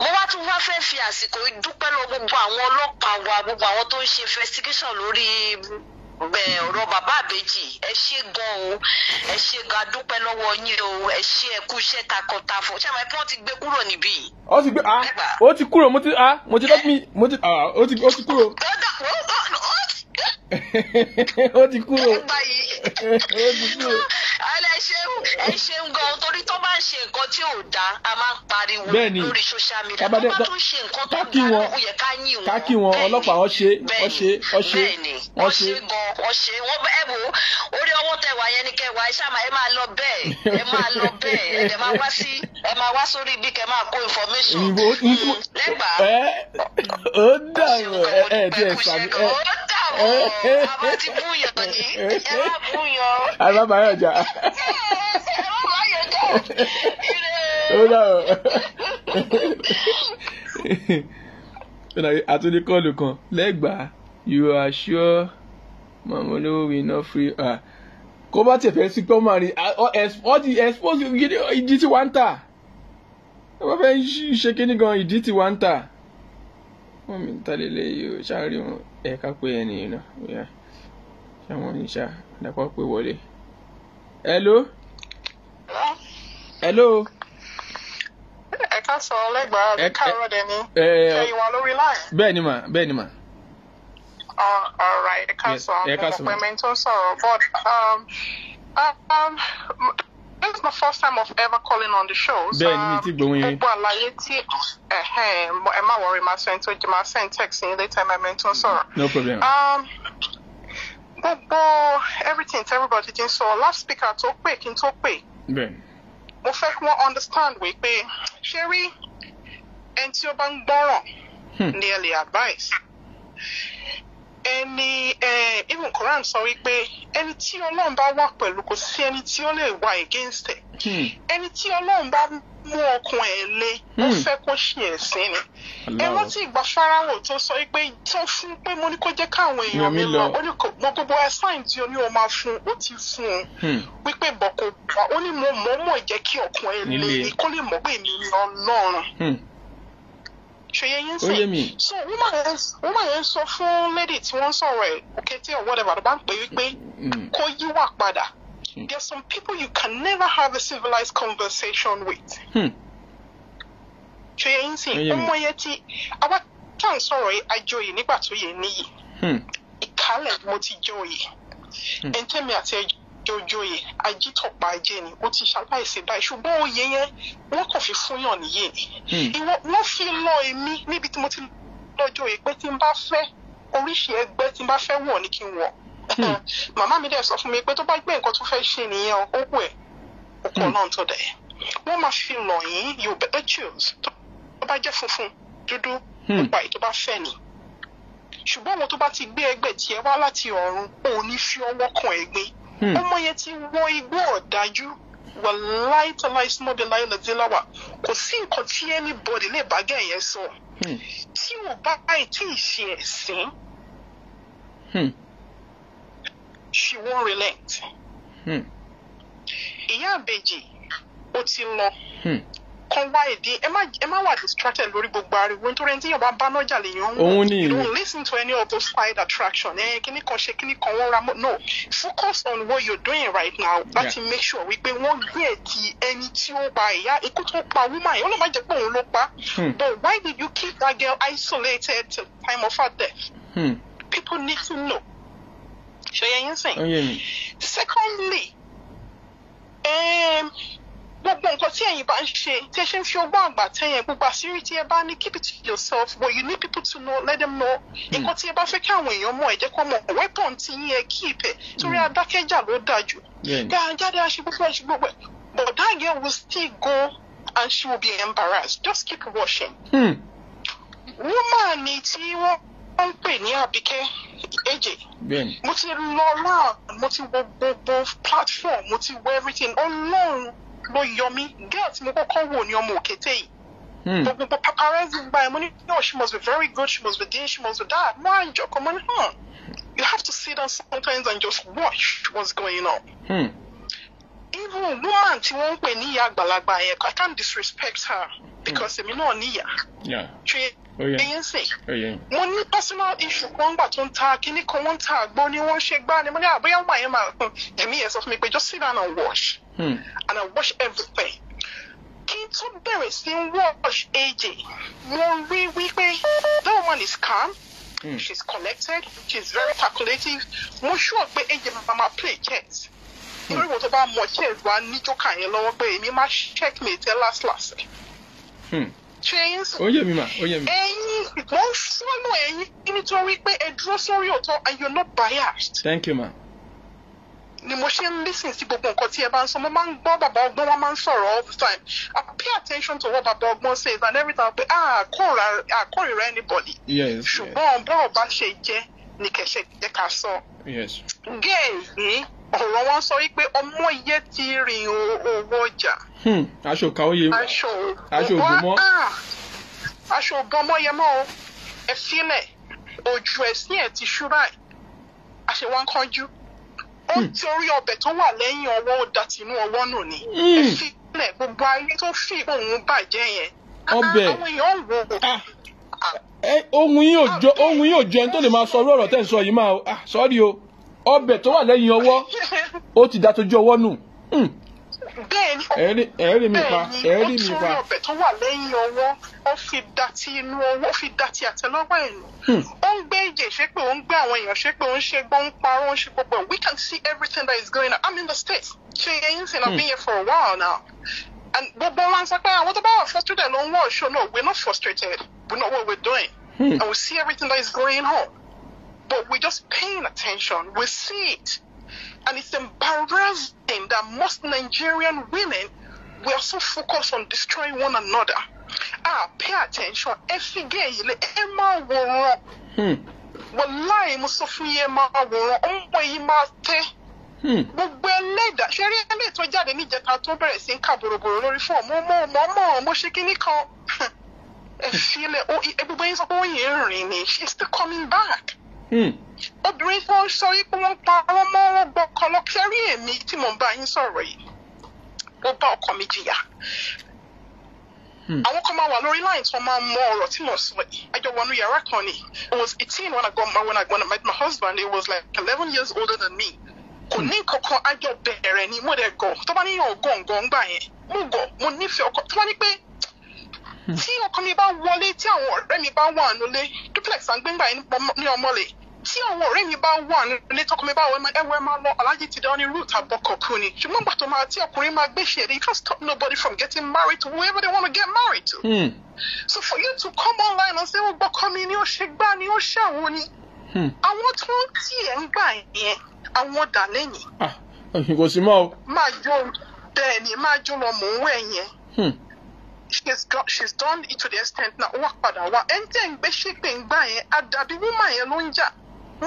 mo wá tún wá fẹ́ fi àsìkò dúpẹ́ lọ gbogbo àwọn ọlọ́pàá wa gbogbo àwọn tó ń ṣe investigation lórí bẹ́ẹ̀ ọ̀rọ̀ bàbá àbèjì ẹ ṣé gan o ẹ ṣé gan adúpẹ́ lọ́wọ́ yín o ẹ ṣé ẹ kú takọtafọ ṣé àwọn ẹbí wọn ti gbé kúrò níbí. ó ti gbé ah ó ti kúrò mo ti ah mo ti lọ́pìn mo ti ah ó ti kúrò. ó dà ó ti kúrò ó ti kúrò. alẹ́ ṣeun ẹ ṣeun gan torí tó bá ń ṣe nǹkan tí ò dá a máa ń pariwo lórí social media tó bá tún ṣe nǹkan tó dá ó yẹ ká yìn wọ́n. káàkì wọn ọlọ́pàá wọ́n ṣe wọ́n ṣe wọ́n ṣe wọ́n ṣe gan wọ́n ṣe wọ́n ẹ wò ó orí ọwọ́ tẹwàá yẹn ni kẹwàá ẹ ṣáà ẹ máa lọ bẹ́ẹ̀ ẹ máa lọ bẹ́ẹ̀ ẹ máa wá sórí ibi kẹ máa kó information hmm, lẹ́gbàá. ó dàrú ẹ ẹ tiẹ̀ sàmì ẹ àbá ti búyàn ní ẹ má búyàn. alábàárọ̀ jà. alábàárọ̀ jà ire. ó dà àtúndí kọ́ọ̀lù kan lẹ́gbàá you are sure mama olówó we no free her kó bá tiẹ̀ fẹ́ sí pé ó máa rìn ọ́ ti expose ìdí tí wàá ń tà ẹ bá fẹ́ ṣe kíní gan ìdí tí wàá ń tà wọ́n mi ń ta lélẹ́yìí ó ṣáà rí wọn ẹ ká pé ẹnìyàn náà bóyá ṣáwọn oníṣà àdàpọ̀ pé wọlé. hello. hello. ẹ sọ ọlẹ́gbàá àbí káàárọ̀ ni ẹ̀yin wa lórí láì. bẹ́ẹ̀ ni mà bẹ́ẹ̀ ni mà. all right sọ àwọn ọmọ sọ̀rọ̀ but. Um, um, this is my first time of ever calling on the show. bẹ́ẹ̀ni mi ti gbóhùn yín. gbogbo àlàyé tí ẹ má wọrí máa sọ tó jẹ máa send text yín later my men tó ń sọ̀rọ̀. no problem. Um, gbogbo everything tí everybody ti ń sọ last speaker tó pè kí n tó pè. bẹ́ẹ̀ni. mo fẹ́ kí wọ́n understand wí pé ṣé rí ẹni tí ó bá ń gbọ́ràn ni ẹ lè advice ẹni even Quran sọ wípé ẹni tí ọlọ́run bá wà pẹ̀lú kò sí ẹni tí ó lè wà against ẹ̀ hmm. ẹni tí ọlọ́run bá mú ọkàn ẹ̀ le ó hmm. fẹ́ kó ṣe ẹ̀sìn ni ẹ rántí ìgbà Fáráwò tó sọ pé tó fún pé mo ní kó jẹ́ káwọn èèyàn mi lọ ó ní mo gbogbo assign tí o ní o máa fún ó ti fún un hmm. wípé bọ̀kọ̀ ó ní mo mọ̀ọ́mọ̀ jẹ́ kí ọkàn ẹ̀ le kó lè mọ̀ pé èmi ni ọlọ́run ṣòye yín sìn so woman yẹn sọ fún lady tí wọ́n sọ̀rọ̀ ẹ̀ òkété or whatever ló bá ń pè wípé mm. kó yíwà padà mm. there are some people you can never have a civilized conversation with. Hmm. ṣòye yín sìn ọmọ yẹn ti àwa tá à ń sọ̀rọ̀ yìí àjòyè nígbà tó yẹ níyì hmm. ìkálẹ̀ mo ti jòyè hmm. ẹ̀ńtẹ́mi àti ẹ̀jọ̀ jòjòyè ajítọ̀pá ajé ni ó ti ṣaláìsí báyìí ṣùgbọ́n oyè yẹn wọ́n kàn fi fún nìyẹn ni hmm. wọ́n fi lọ èmi níbi tí mo ti lọ́jọ́ yìí pé tí n bá fẹ́ oríṣi ẹgbẹ́ tí n bá fẹ́ wọ̀ ni kí n wọ̀ hmm. màmá mi dẹ̀ sọ fún mi pé tó bá gbé nǹkan tó fẹ́ ṣe nìyẹn ó wù ẹ́ ọkọ̀ náà tó dẹ̀ wọ́n máa fi lọ̀ yín you better choose tó bá jẹ́ funfun dúdú hmm. nípa èyí tó bá fẹ́ ni ṣùgbọ́n àwọn tó bá ti gbé ẹgbẹ́ tiẹ̀ wá láti ọ̀run òun fi ọwọ́ kan ẹ̀gbin ọmọ hmm. yẹn ti wọ igbó ọ̀dájú wàláì tọ́lá ìsúnmọ́bí láyé lọ́dẹ́láwà kò sí nǹkan tí anybody lè bá gẹ̀ yẹn sọ hmm. tí ò bá báyìí tí ì ṣe ẹ̀sìn hmm. she won't relent. ìyá àbèjì ó ti lọ. Hmm kọ́ wá èdè ẹ má wà distracted lórí gbogbo ariwo nítorí ẹni tí yóò bá bá lè yan òun you don't listen to any of those side attraction ẹ kíní kan ṣe kíní kan wọ́n ra mọ́ no focus on what you're doing right now láti yeah. make sure wípé wọ́n gbé ti ẹni tí ó pa ìyá ikú tó pa woman yìí ó lè má jẹ́ pé òun ló pa hmm. but why did you keep that girl isolated till time of her death hmm. people need to know ṣe yẹn yín sìn secondly. Um, gbogbo nǹkan tí ẹ̀yin bá ń ṣe tí ẹ ṣe ń fi ọgbọ́n àgbà tẹ̀yẹ̀ gbogbo àṣírí tí ẹ bá ní keep it to yourself but you need people to know let them know hmm. nǹkan tí ẹ bá fẹ́ kí àwọn èèyàn mọ̀ ẹ jẹ́ kó mọ̀ weapon ti yín ẹ keep ẹ torí hmm. adákẹ́jà ló dájú jáde aṣègbè gbogbo but that girl will still go and she will be embarrassed just keep watching. Hmm. woman ni tí wọ́n ń pè ní Àbíkẹ́ èjè mo ti lọ láà mo ti wo gbogbo platform mo ti wo everything ọlọ́run. Oh, no ló yọ mí girl tí mo kọ́kọ́ wò ní ọmọ òkété yìí hmm. gbogbo paparazzi ń gba ẹ mo ní no she must be very good she must be dean. she must be dad. mo à ń jọkọ mo ní hàn you have to sit down sometimes and just watch what's going on. Hmm. even woman tí wọ́n ń pè ní ìyá yẹn I can't disrespect her because hmm. èmi náà níyà. ṣe ẹyin sè mo ní personal issue kan gbà tó ń ta kíní kan wọ́n ń ta àgbo ni wọ́n ṣe gbá ni mo ní àbóyá ah, wọ́n yẹn máa ẹ̀mí yẹn sọ fún mi pé just sit down and watch. Hmm. and I watch everything kí n tó bẹ̀rẹ̀ sí watch AJ mo rí wípé that woman is calm mm. she's collected she's very calculative mo sure pé AJ mama play chess lórí hmm. wo tó bá mọ chess wa ní joker yẹn lọ́wọ́ pé èmi máa checkmate ẹ last last hmm. chains. ó yé mi mà ó yé mi. ẹ̀yin mo ń fọ́nà ẹ̀yin nítorí pé ẹ dúró sórí òótọ́ and you're not biased. thank you ma ni mo ṣe ń lísìn sí gbogbo nǹkan tí ẹ bá ń sọ mo máa ń gbọ́ bàbá ọgbọ́n wọn máa ń sọ̀rọ̀ all the time I pay attention to what bàbá ọgbọ́n says and every time pé àkórìíra ah, anybody ṣùgbọ́n bọ́rọ̀ bá ṣe jẹ́ ni kẹ̀ṣẹ̀ jẹ́ ká sọ. géèzì ọ̀rọ̀ wọn sọ wípé ọmọ iye ti rìn owó ọjà. Hmm, aṣọ kàóye aṣọ ògbómọ aṣọ ògbómọ ah, yẹn mọ́ ẹ sílẹ̀ ojú ẹ̀sìn ẹ̀ ti ṣúra ẹ̀ àṣewọ́n kánjú ó hmm. ti orí ọbẹ̀ tó wà lẹ́yìn ọwọ́ ó da tinú ọwọ́ nù ni hmm. ẹ fi lẹ̀ gbogbo ayé tó fi òun bàjẹ́ yẹn ọbẹ̀ àwọn èèyàn wò ó. Ah. ohun yìí ò jọ ah. ohun yìí ò jọ ẹni tó lè máa sọ ọ̀rọ̀ tẹ̀ ń sọ yìí máa ah, sọ́ọ́rì o ọbẹ̀ tó wà lẹ́yìn ọwọ́ ó ti da tójú ọwọ́ nù. Hmm. ẹ̀rí ẹ̀rí mi pa ẹ̀rí mi pa. ó tún ọbẹ̀ tó wà lẹ́yìn ọwọ́ ó fi dàtí inú ọwọ́ ó fi dàtí àtẹlọ́wọ́ ẹ̀yìn. Hmm. ó ń gbé ìjè ṣé pé ó ń gbé àwọn èèyàn ṣé pé ó ń ṣe gbọ́ ń parọ́ ń ṣe gbogbo we can see everything that is going on I'm in the States ṣe eyín sìn I've been here for a while now and gbogbo wa ń sọ pé àwọn tó bá wà frustrated ló ń wọ ìṣó náà we're not frustrated we know what we're doing hmm. and we see everything that is going on but we're just paying attention we see it. And it's embarrassing that most Nigerian women were so focused on destroying one another. Ah, pay attention. Every day, Emma will run. Hmm. Wallahi, Musofi Emma will run. gbogbo ẹlẹ́dà ṣe rí ẹlẹ́dà tó jáde níjẹta tó bẹ̀rẹ̀ sí ń kà bòròbòrò lórí fún ọmọ ọmọ ọmọ ọmọ mo ṣe kínní kan ẹ fi ilẹ̀ gbogbo yín sọ pé wọ́n yẹn rìn ni she's still coming back. Hmm. obìnrin tó ń sọ yìí pé wọ́n pa wọ́n mọ́ wọ́n gbọ́ ọkọ lọ kẹ́rí èmi tí mò ń bá yín sọ̀rọ̀ yìí ó bá ọkọ mi jìyà hmm. àwọn kan máa wà lórí line tí máa mọ ọ̀rọ̀ tí mo sọ yìí àjọ wọnú yàrá kan ni I was eighteen when I got married when I, when I my husband he was like eleven years older than me kò ní kankan hmm. àjọ bẹ̀rẹ̀ ni mo dẹ̀ gọ̀ tó bá ní yàn gọ̀ǹgọ̀ ń gbà yẹn mo gọ̀ mo nífẹ̀ẹ́ ọkọ tó bá ní pé tí ọkọ mi bá wọlé tí àwọn ọ̀rẹ́ mi bá wà nílé duplex à ń gbé ńgbà yẹn ní ọmọlẹ̀ tí àwọn ọ̀rẹ́ mi bá wà nílé tọkọ mi bá wọ ẹwẹ́ máa lọ aláàjì ti dán ní root àbọ̀kọ̀kọ̀ ni ṣùgbọ́n gbàtọ́ máa tí ọkùnrin máa gbé ṣe you can't stop nobody from getting married to whoever they want to get married to. Mm. so for you to come online and say ó oh, gbọ́kọ́ mi ni ó ṣe gbá ni ó ṣàwọn ni hmm. àwọn tó ń tì ẹ̀ ń gbà yẹn àwọn dà lẹ́yìn. Ah, kò sí mọ́ o. máa jó bẹ́ẹ̀ ni máa jó lọ mò ń wẹ̀ yẹn. Hmm. She's got, she's done it to the extent na ó wà padà wá ẹni tẹ́ ń gbé ṣépè woman gbà yẹn àdàbí wúmà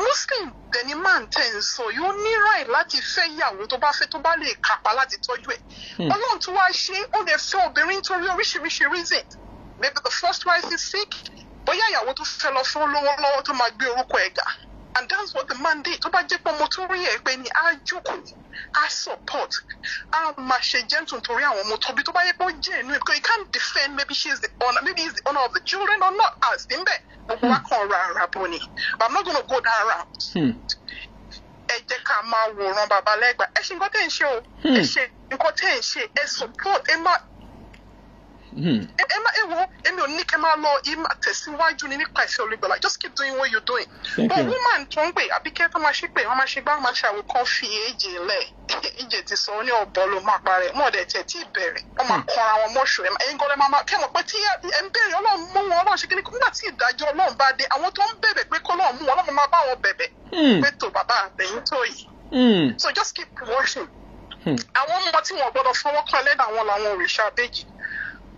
muslim dẹni máa ń tẹ̀ ń sọ yóò ní right láti fẹ́ ìyàwó tó bá fẹ́ tó bá lè kápá láti tọ́jú ẹ̀ hmm. ọlọ́run tó wáá ṣe ó lè fẹ́ obìnrin torí oríṣiríṣi reason maybe the first wife is sick bóyá ìyàwó tó fẹ́ lọ fún lọ́wọ́lọ́wọ́ tó máa gbé orúkọ ẹ̀ ga and that's what the mandate tó bá jẹ́ pé ọmọ tó rí ẹ̀ pé ni á jókòó á support á máa ṣe gentle torí àwọn ọmọ tóbi tó bá yẹ pé ó jẹ́ inú ẹ̀ because you can't defend maybe she is the owner maybe he is the owner of the children or not as níbẹ̀ gbogbo wa kàn ra ara bọ̀ ni but I'm not gonna go that route. Hmm. ẹ jẹ́ ká máa wòran bàbá lẹ́gbàá ẹ ṣe nǹkan tẹ́ ń ṣe o ẹ hmm. ṣe nǹkan tẹ́ ń ṣe ẹ support ẹ máa ẹ má ẹ wo èmi ò ní kẹ́ máa lọ tẹ̀síwájú ní nípa ẹ̀sìn olùgbàlà just keep doing what you're doing but woman tó ń gbé àbíkẹ́ tó máa ṣe pé wọ́n máa ṣe gbá wọn máa ṣe àwọn kan fi èjì lẹ̀ ìjẹ ti sọ ní ọ̀bọ ló máa parẹ́ mọ́ ọ̀dẹ̀ tẹ̀ tí bẹ̀rẹ̀ wọ́n máa hmm. kọ́ra wọn mọ́ṣù ẹ̀ ẹ̀yin gọ́dẹ̀ máa kẹ́mọ̀ pé tí ẹ̀ ń bẹ̀rẹ̀ ọlọ́run mú wọn ọlọ́run ṣe kí ni nígbà tí ìdájọ́ hmm. hmm. so just keep watching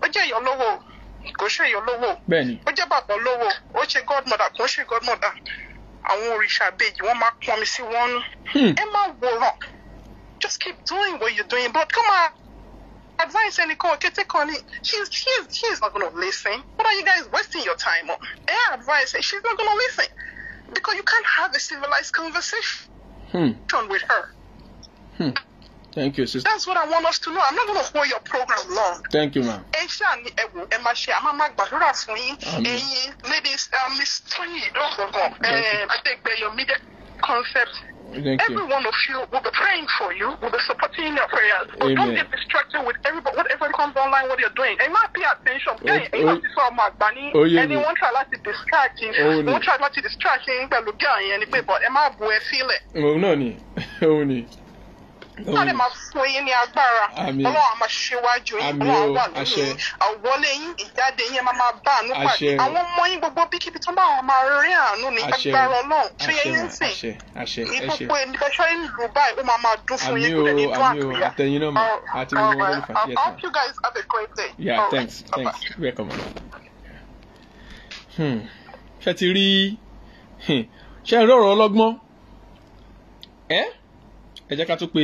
ó jẹ́ èèyàn lówó kò ṣe èèyàn lówó ó jẹ́ bàbá lówó ó ṣe godmother kò ṣe godmother I won't reach bèjì wọ́n You pọnmi sí wọn nú hmm. ẹ Emma, wòran just keep doing what you're doing but come on advice ẹnìkan òkété kan ni she's she's she's not gonna listen what are you guys wasting your time on ẹ advice she's not gonna listen because you can't have a civilized conversation hmm. with her. Hmm. Thank you, sister. That's what I want us to know. I'm not going to hold your program long. Thank you, ma'am. Ẹ ṣáà ni ẹ wò ẹ máa ṣe àmọ́ máa gbàdúrà fún yín. Ẹyin ladies um, Miss Tóyìn um, concept. Thank Every you. one of you will be praying for you, will be supporting your prayers. But Amen. don't get distracted with everybody, whatever comes online, what you're doing. And not pay attention. Oh, yeah, oh, you oh, yeah, Anyone try to distract him? Oh, oh, no. Won't try to distract him? but look at you, but am I feel Oh, no, no káde máa fún yín ní agbára ọlọ́run àmọ́ ṣíwájú yín ọlọ́run wà lónìí yín àwọlé yín ìjáde yín máa máa bá àánú pàdé àwọn ọmọ yín gbogbo bíkíbi tó máa máa rí àánú ní agbára ọlọ́run tó yẹ yín sìn ìgbogbo ìbẹ̀ṣọ́ ìlú báyìí ó máa máa dún fún yín kò dẹ̀ ní dún àkúyà I hope you guys have a great day. Yeah, All thanks, right. thanks. Bye-bye. Welcome. Hmm. Ṣé ti rí hmm. ṣé ń rọ̀rọ̀ ọlọ́gbọ́n? Ẹ́. Eh? ẹ jẹ́ ká tún pé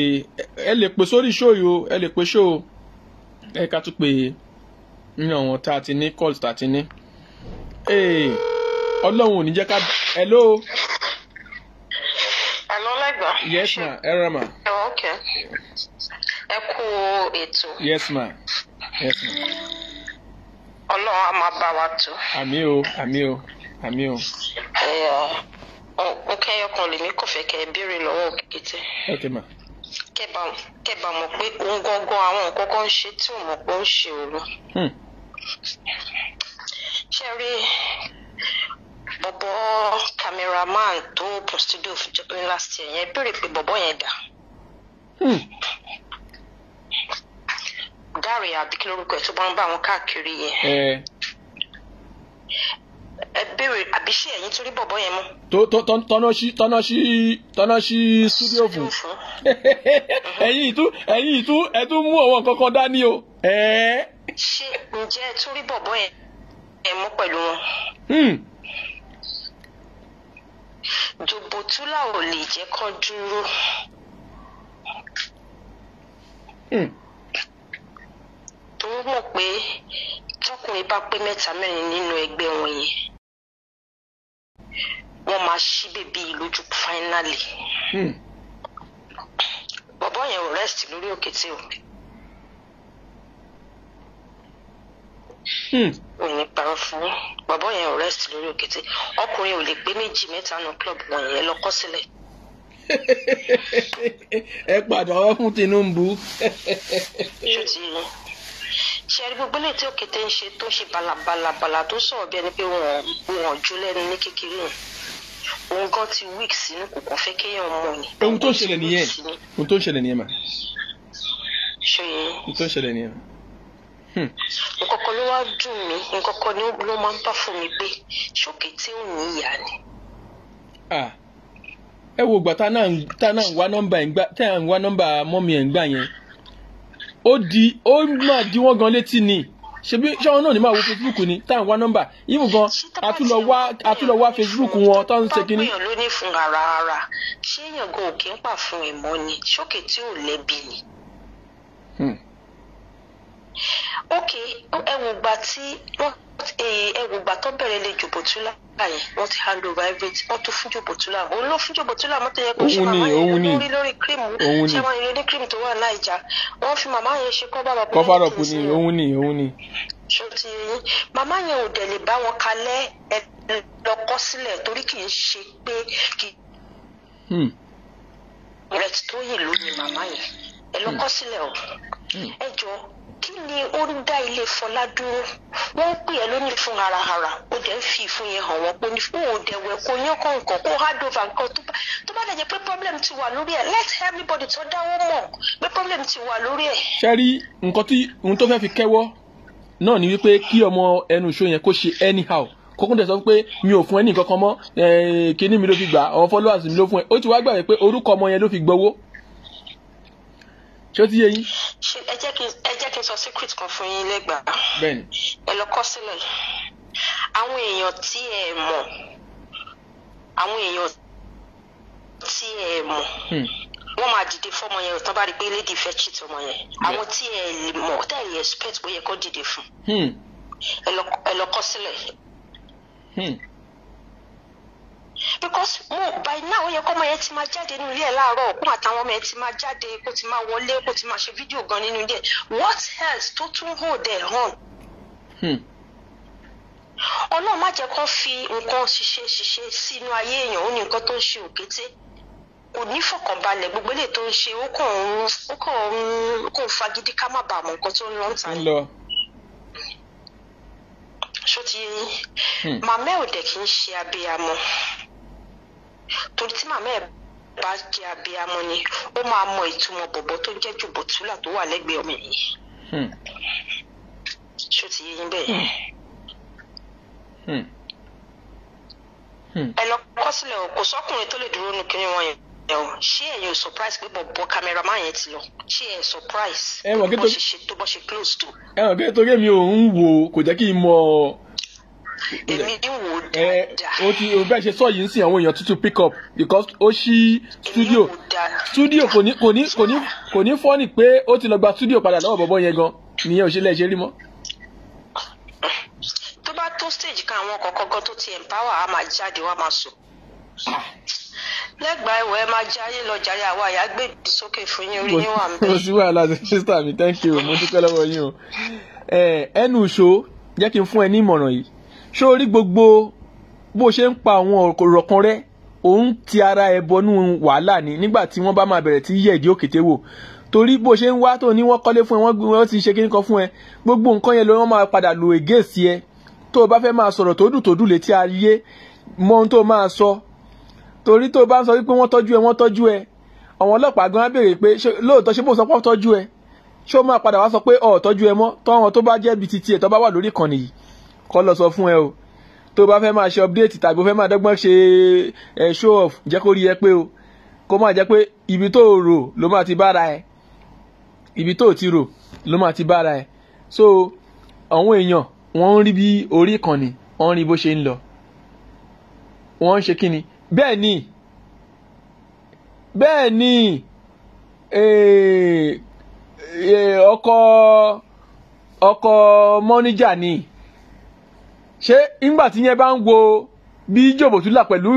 ẹ lè pè sórí show yìí o ẹ lè pè show ẹ ká tún pé nínú àwọn tá a ti ní calls tá a ti ní. ọlọ́run ò ní jẹ́ ká hello. hello lẹ́gbà. yes ma ẹ rẹ ma. ok ẹ kú ètò. yes ma yes ma. ọlọ́run á máa bá wa tó. àmì o àmì o àmì o. ẹ ọ ó kẹyọ kan lèmi kò fẹ́ kẹ béèrè lọ́wọ́ òkìkìtẹ. kẹbà mọ̀ pé òun gangan àwọn nǹkan kan ń ṣe tí òun mọ̀ pé ó ń ṣe òru. Hmm. ṣe rí bọ̀bọ̀ cameraman tó open studio fún jọ́pẹ́ last year yẹn béèrè pé bọ̀bọ̀ yẹn dà. Hmm. Gary àbí kí lórúkọ ẹ̀ tó bá ń bá wọn káàkiri yẹn. Eh ẹ béèrè àbí ṣé ẹ̀yin torí bọ̀bọ̀ yẹn mú. tó tó tọ́nà sí tọ́nà sí tọ́nà sí studio fún ẹ̀yin ìtú ẹ̀yin ìtú ẹ mú ọ̀wọ́ kankan dání o. ṣé ǹjẹ́ ẹ torí bọ̀bọ̀ yẹn ẹ mú pẹ̀lú wọn. jòbótúlà hmm. ò lè jẹ́ kán dúró. Hmm. tó ń mọ̀ pé tọkùnrin bá pé mẹ́ta mẹ́rin nínú ẹgbẹ́ wọn yẹn wọ́n máa ṣí bèbí yìí lójú finally. Hmm. bọ̀bọ̀ yẹn ò rest lórí òkété o. òyìn parọ́ fún bọ̀bọ̀ yẹn ò rest lórí òkété ọkùnrin ò lè pé méjì mẹ́ta nu club wọ̀nyẹn lọ́kọ́ sílẹ̀ ẹ padà wá fún Tinubu. ṣé ti ṣẹ́rí gbogbo lè tí òkété ń ṣe tó ṣe balabalabala tó sọ̀rọ̀ bí ẹni pé wọ́n wọ́n jó lẹ́nu ní kékeré yẹn òun gan ti weak sínú kò kàn fẹ́ kéèyàn mọ̀ ni. ohun tó ń ṣẹlẹ̀ nìyẹn ohun tó ń ṣẹlẹ̀ nìyẹn mà. ohun tó ń ṣẹlẹ̀ nìyẹn. Hmm. nǹkan kan ló wá dùn mí nǹkan kan ló máa ń bá fún mi pé ṣókè tí ò ní ìyá ni. ẹ wo ìgbà tá náà wá nọ́mbà mọ́mí ẹ̀ ń gbà yẹn ó di ó máa di wọ́n gan létí ni ṣebí ṣọ́wọ́n náà ní máa wo facebook ni tá à ń wá nọ́mbà yìí gan àtúlọ̀ wá facebook wọn tó ń ṣe kínní. báyọ̀ ló ní fún ara ara ṣé èèyàn gan òkè ń pà fún ìmọ̀ ni ṣókè tí ò lẹ́bi ni. Hmm ok ẹwùgbà tí eh, ẹwùgbà tó bẹ̀rẹ̀ lè jòbó túlá báyìí wọ́n ti hand over everything wọ́n tún fún jòbó túlá òun ló fún jòbó túlá mọ́tò yẹn kó ṣe màmá yẹn lórí lórí kírìmù ṣé wọn ìrẹ́ ní kírìmù tó wà Naija wọ́n fi màmá yẹn ṣe kọ́bà bàbá yẹn kì í sí òun ni òun ni. ṣòtì yín màmá yẹn ò dẹ̀ lè bá wọn kalẹ̀ ẹ lọ́kọ́ sílẹ̀ torí kì í ṣe pé kì í. Hmm. rẹ̀ tó yè lónìí màmá yẹn ẹ lọ́kọ́ hmm. sílẹ̀ o hmm. ẹ jọ kí ni ó ń dá ilé Fọlá dúró wọ́n ń pè ẹ́ lónìí fún harahara ó dẹ̀ ń fi ìfún yẹn hàn wọ́n pé ní fún òdẹ̀wẹ̀ kò yán kàn kàn kó hardova nǹkan tó bá dẹ̀ jẹ́ pé problem ti wà lórí ẹ̀ let everybody tó dáwọ́ mọ̀ pé problem ti wà lórí ẹ̀. sẹ́rí nǹkan tí ohun tó fẹ́ fi kẹ́wọ́ náà ni wípé kí ọmọ ẹnu ìṣó yẹn kó ṣe anyhow kókó tẹ̀sán pé mi ò fún ẹ ní nǹkan kan mọ́ eh, kíní mi ló fi gbà àwọn followers mi ló fún ẹ ó ti wá gbà pé orúkọ ọmọ yẹn ló fi gbowó ṣé ó ti yé yín. ẹ jẹ́ kí ẹ jẹ́ kí n sọ secret kan fún yín lẹ́gbàá. bẹ́ẹ̀ni. ẹ lọ kọ sílẹ̀ àwọn èèyàn tí ẹ mọ̀ àwọn èèyàn tí ẹ mọ̀ hmm. wọ́n máa dìde fọ́mọ yẹn tó bá rí pé lady fẹ́ cheat ọmọ yẹn àwọn tí ẹ mọ̀ tẹ́ ẹ expect bóyá kó dìde fún. Hmm. ẹ lọ kọ sílẹ̀. Hmm because mo by now ó yẹ kọ́mọ yẹn ti máa jáde nínú ilé ẹ̀ láàárọ̀ òkun àtàwọn ọmọ yẹn ti máa jáde kó ti máa wọlé kó ti máa ṣe fídíò gan nínú ilé what else tó tún hold ẹ̀ hàn. Hmm. ọlọ́run má jẹ́ kó fi nǹkan ṣiṣẹ́ ṣiṣẹ́ sínú ayé èèyàn ó ní nǹkan tó ń ṣe òkété kò ní fọkànbalẹ̀ gbogbo eléyìí tó ń ṣe ó kàn ń kò ń fagídí ká má bàa mọ nǹkan tó ń lọ ń ta ni ṣó ti yé yín hmm. màmá ò dẹ̀ kí ń ṣe abiyamọ torí tí màmá ẹ̀ bá jẹ́ abiyamọ ni ó máa mọ ìtumọ̀ bọ̀bọ̀ tó jẹ́ jù bọ̀túlà tó wà lẹ́gbẹ̀ẹ́ ọmọ yìí hmm. ṣó ti yé yín bẹ́ẹ̀ hmm. Hmm. ẹ lọ kọ sílẹ̀ o kò sọ́kùnrin tó lè dúró nu kiri wọn yẹn ẹ o ṣé ẹ̀yin ò surprise pé bọ̀bọ̀ cameraman yẹn ti lọ ṣé ẹ surprise bó ṣe ṣe tó bó ṣe close to. ẹ hàn kí torí mi ò ń wo kò jẹ́ kí n mọ èmi wò dáadáa. o ti o bẹ́ẹ̀ ṣe sọ yìí ń sìn àwọn èèyàn tuntun pick up because ó ṣí studio studio kò ní kò ní kò ní kò ní fọ́ọ̀nì pé ó ti lọ gba studio padà lọ́wọ́ bọ̀bọ̀ yẹn gan nìyẹn ò ṣe lẹ́ẹ̀ṣẹ̀ rí mọ́. tó bá tó stage kan àwọn kọ̀ọ̀kan gan tó ti empower a máa jáde wá máa sùn lẹ́gbàá ìwọ ẹ máa jáyé lọ jàre àwa àyà gbé ìdí sókè fún yín orí níwà ń bẹ. mo sì wà láti sísítà mi thank you mo dúpẹ́ lọ́wọ́ yín o ẹnu ìṣó jẹ́ kí n fún ẹ ní ìmọ̀ràn yìí ṣó rí gbogbo bó ṣe ń pa àwọn ọ̀rọ̀ kan rẹ́ òun ti ara ẹ̀ bọnú wàhálà ni nígbà tí wọ́n bá máa bẹ̀rẹ̀ tí yẹ̀dí òkété wò torí bó ṣe ń wá tó ní wọ́n kọ́lé fún ẹ wọ́n ti ṣe kíní kan fún ẹ gbogbo nǹkan yẹn ló wọ́n máa padà lò ègé sí ẹ tó o bá fẹ́ máa sọ̀rọ̀ tó dùn tó dùn létí ayé mọ ohun tó máa sọ torí tó o bá ń sọ wípé wọ́n tọ́jú ẹ wọ́n tọ́jú ẹ àwọn ọlọ́pàá gan-an béèrè pé lóòótọ́ ṣé bó sọ pé tọ́jú ẹ ṣé ó máa padà wá sọ pé ọ̀ tọ́jú ẹ mọ́ tọ́wọn tó bá jẹ́ bíi titi ẹ̀ tó bá wà lórí ìkànnì yìí kọ́ lọ sọ fún ẹ o tó bá fẹ́ máa ṣe update tàbí o fẹ́ máa dọ́gbọ́n ṣe ẹ show off jẹ́ kó rí ẹ pé o kó máa jẹ́ pé ibi tó rò ló máa ti bára ẹ ibi tó ti rò ló máa ti bára ẹ so àwọn èèyàn wọ́n ń rí bí orí ìkànnì wọ́n ń rí bó ṣe ń lọ wọ́n ń ṣe kíni bẹ́ẹ̀ ni bẹ́ẹ̀ ni ọkọ̀ e, ọkọ̀ mọ́níjà ni. Eh, eh, ọkọ̀, ọkọ̀, ṣé ńgbà tí yẹn bá ń wo bí jòbó tún là pẹ̀lú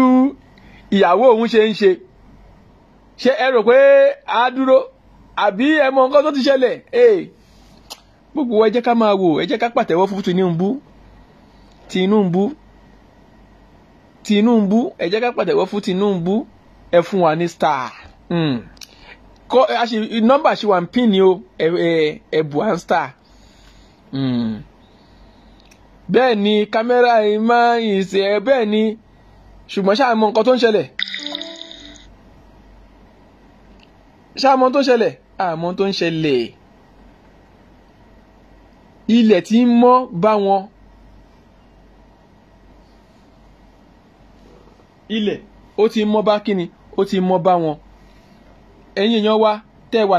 ìyàwó òun ṣe ń ṣe ṣé ẹ rò pé a dúró àbí ẹ mọ nǹkan tó ti ṣẹlẹ̀ gbogbo ẹ jẹ́ ká máa wò ẹ jẹ́ ká pàtẹ́wọ́ fún Tinubu Tinubu Tinubu ẹ jẹ́ ká pàtẹ́wọ́ fún Tinubu ẹ fún wa ní star hmm. kọ nọ́mbà ṣì wà ń pín ni o ẹ ẹ ẹ bùhán star. Hmm. bẹ́ẹ̀ ni kámẹ́rà yìí máa ń ṣe ẹ bẹ́ẹ̀ ni ṣùgbọ́n ṣáà mọ̀ nǹkan tó ń ṣẹlẹ̀ ṣáà mọ̀ tó ń ṣẹlẹ̀ àmọ́ tó ń ṣẹlẹ̀ ilẹ̀ tí ń mọ́ bá wọn ilẹ̀ ó ti mọ́ bá kíni ó ti mọ́ bá wọn ẹ̀yin èèyàn wa tẹ́ wà.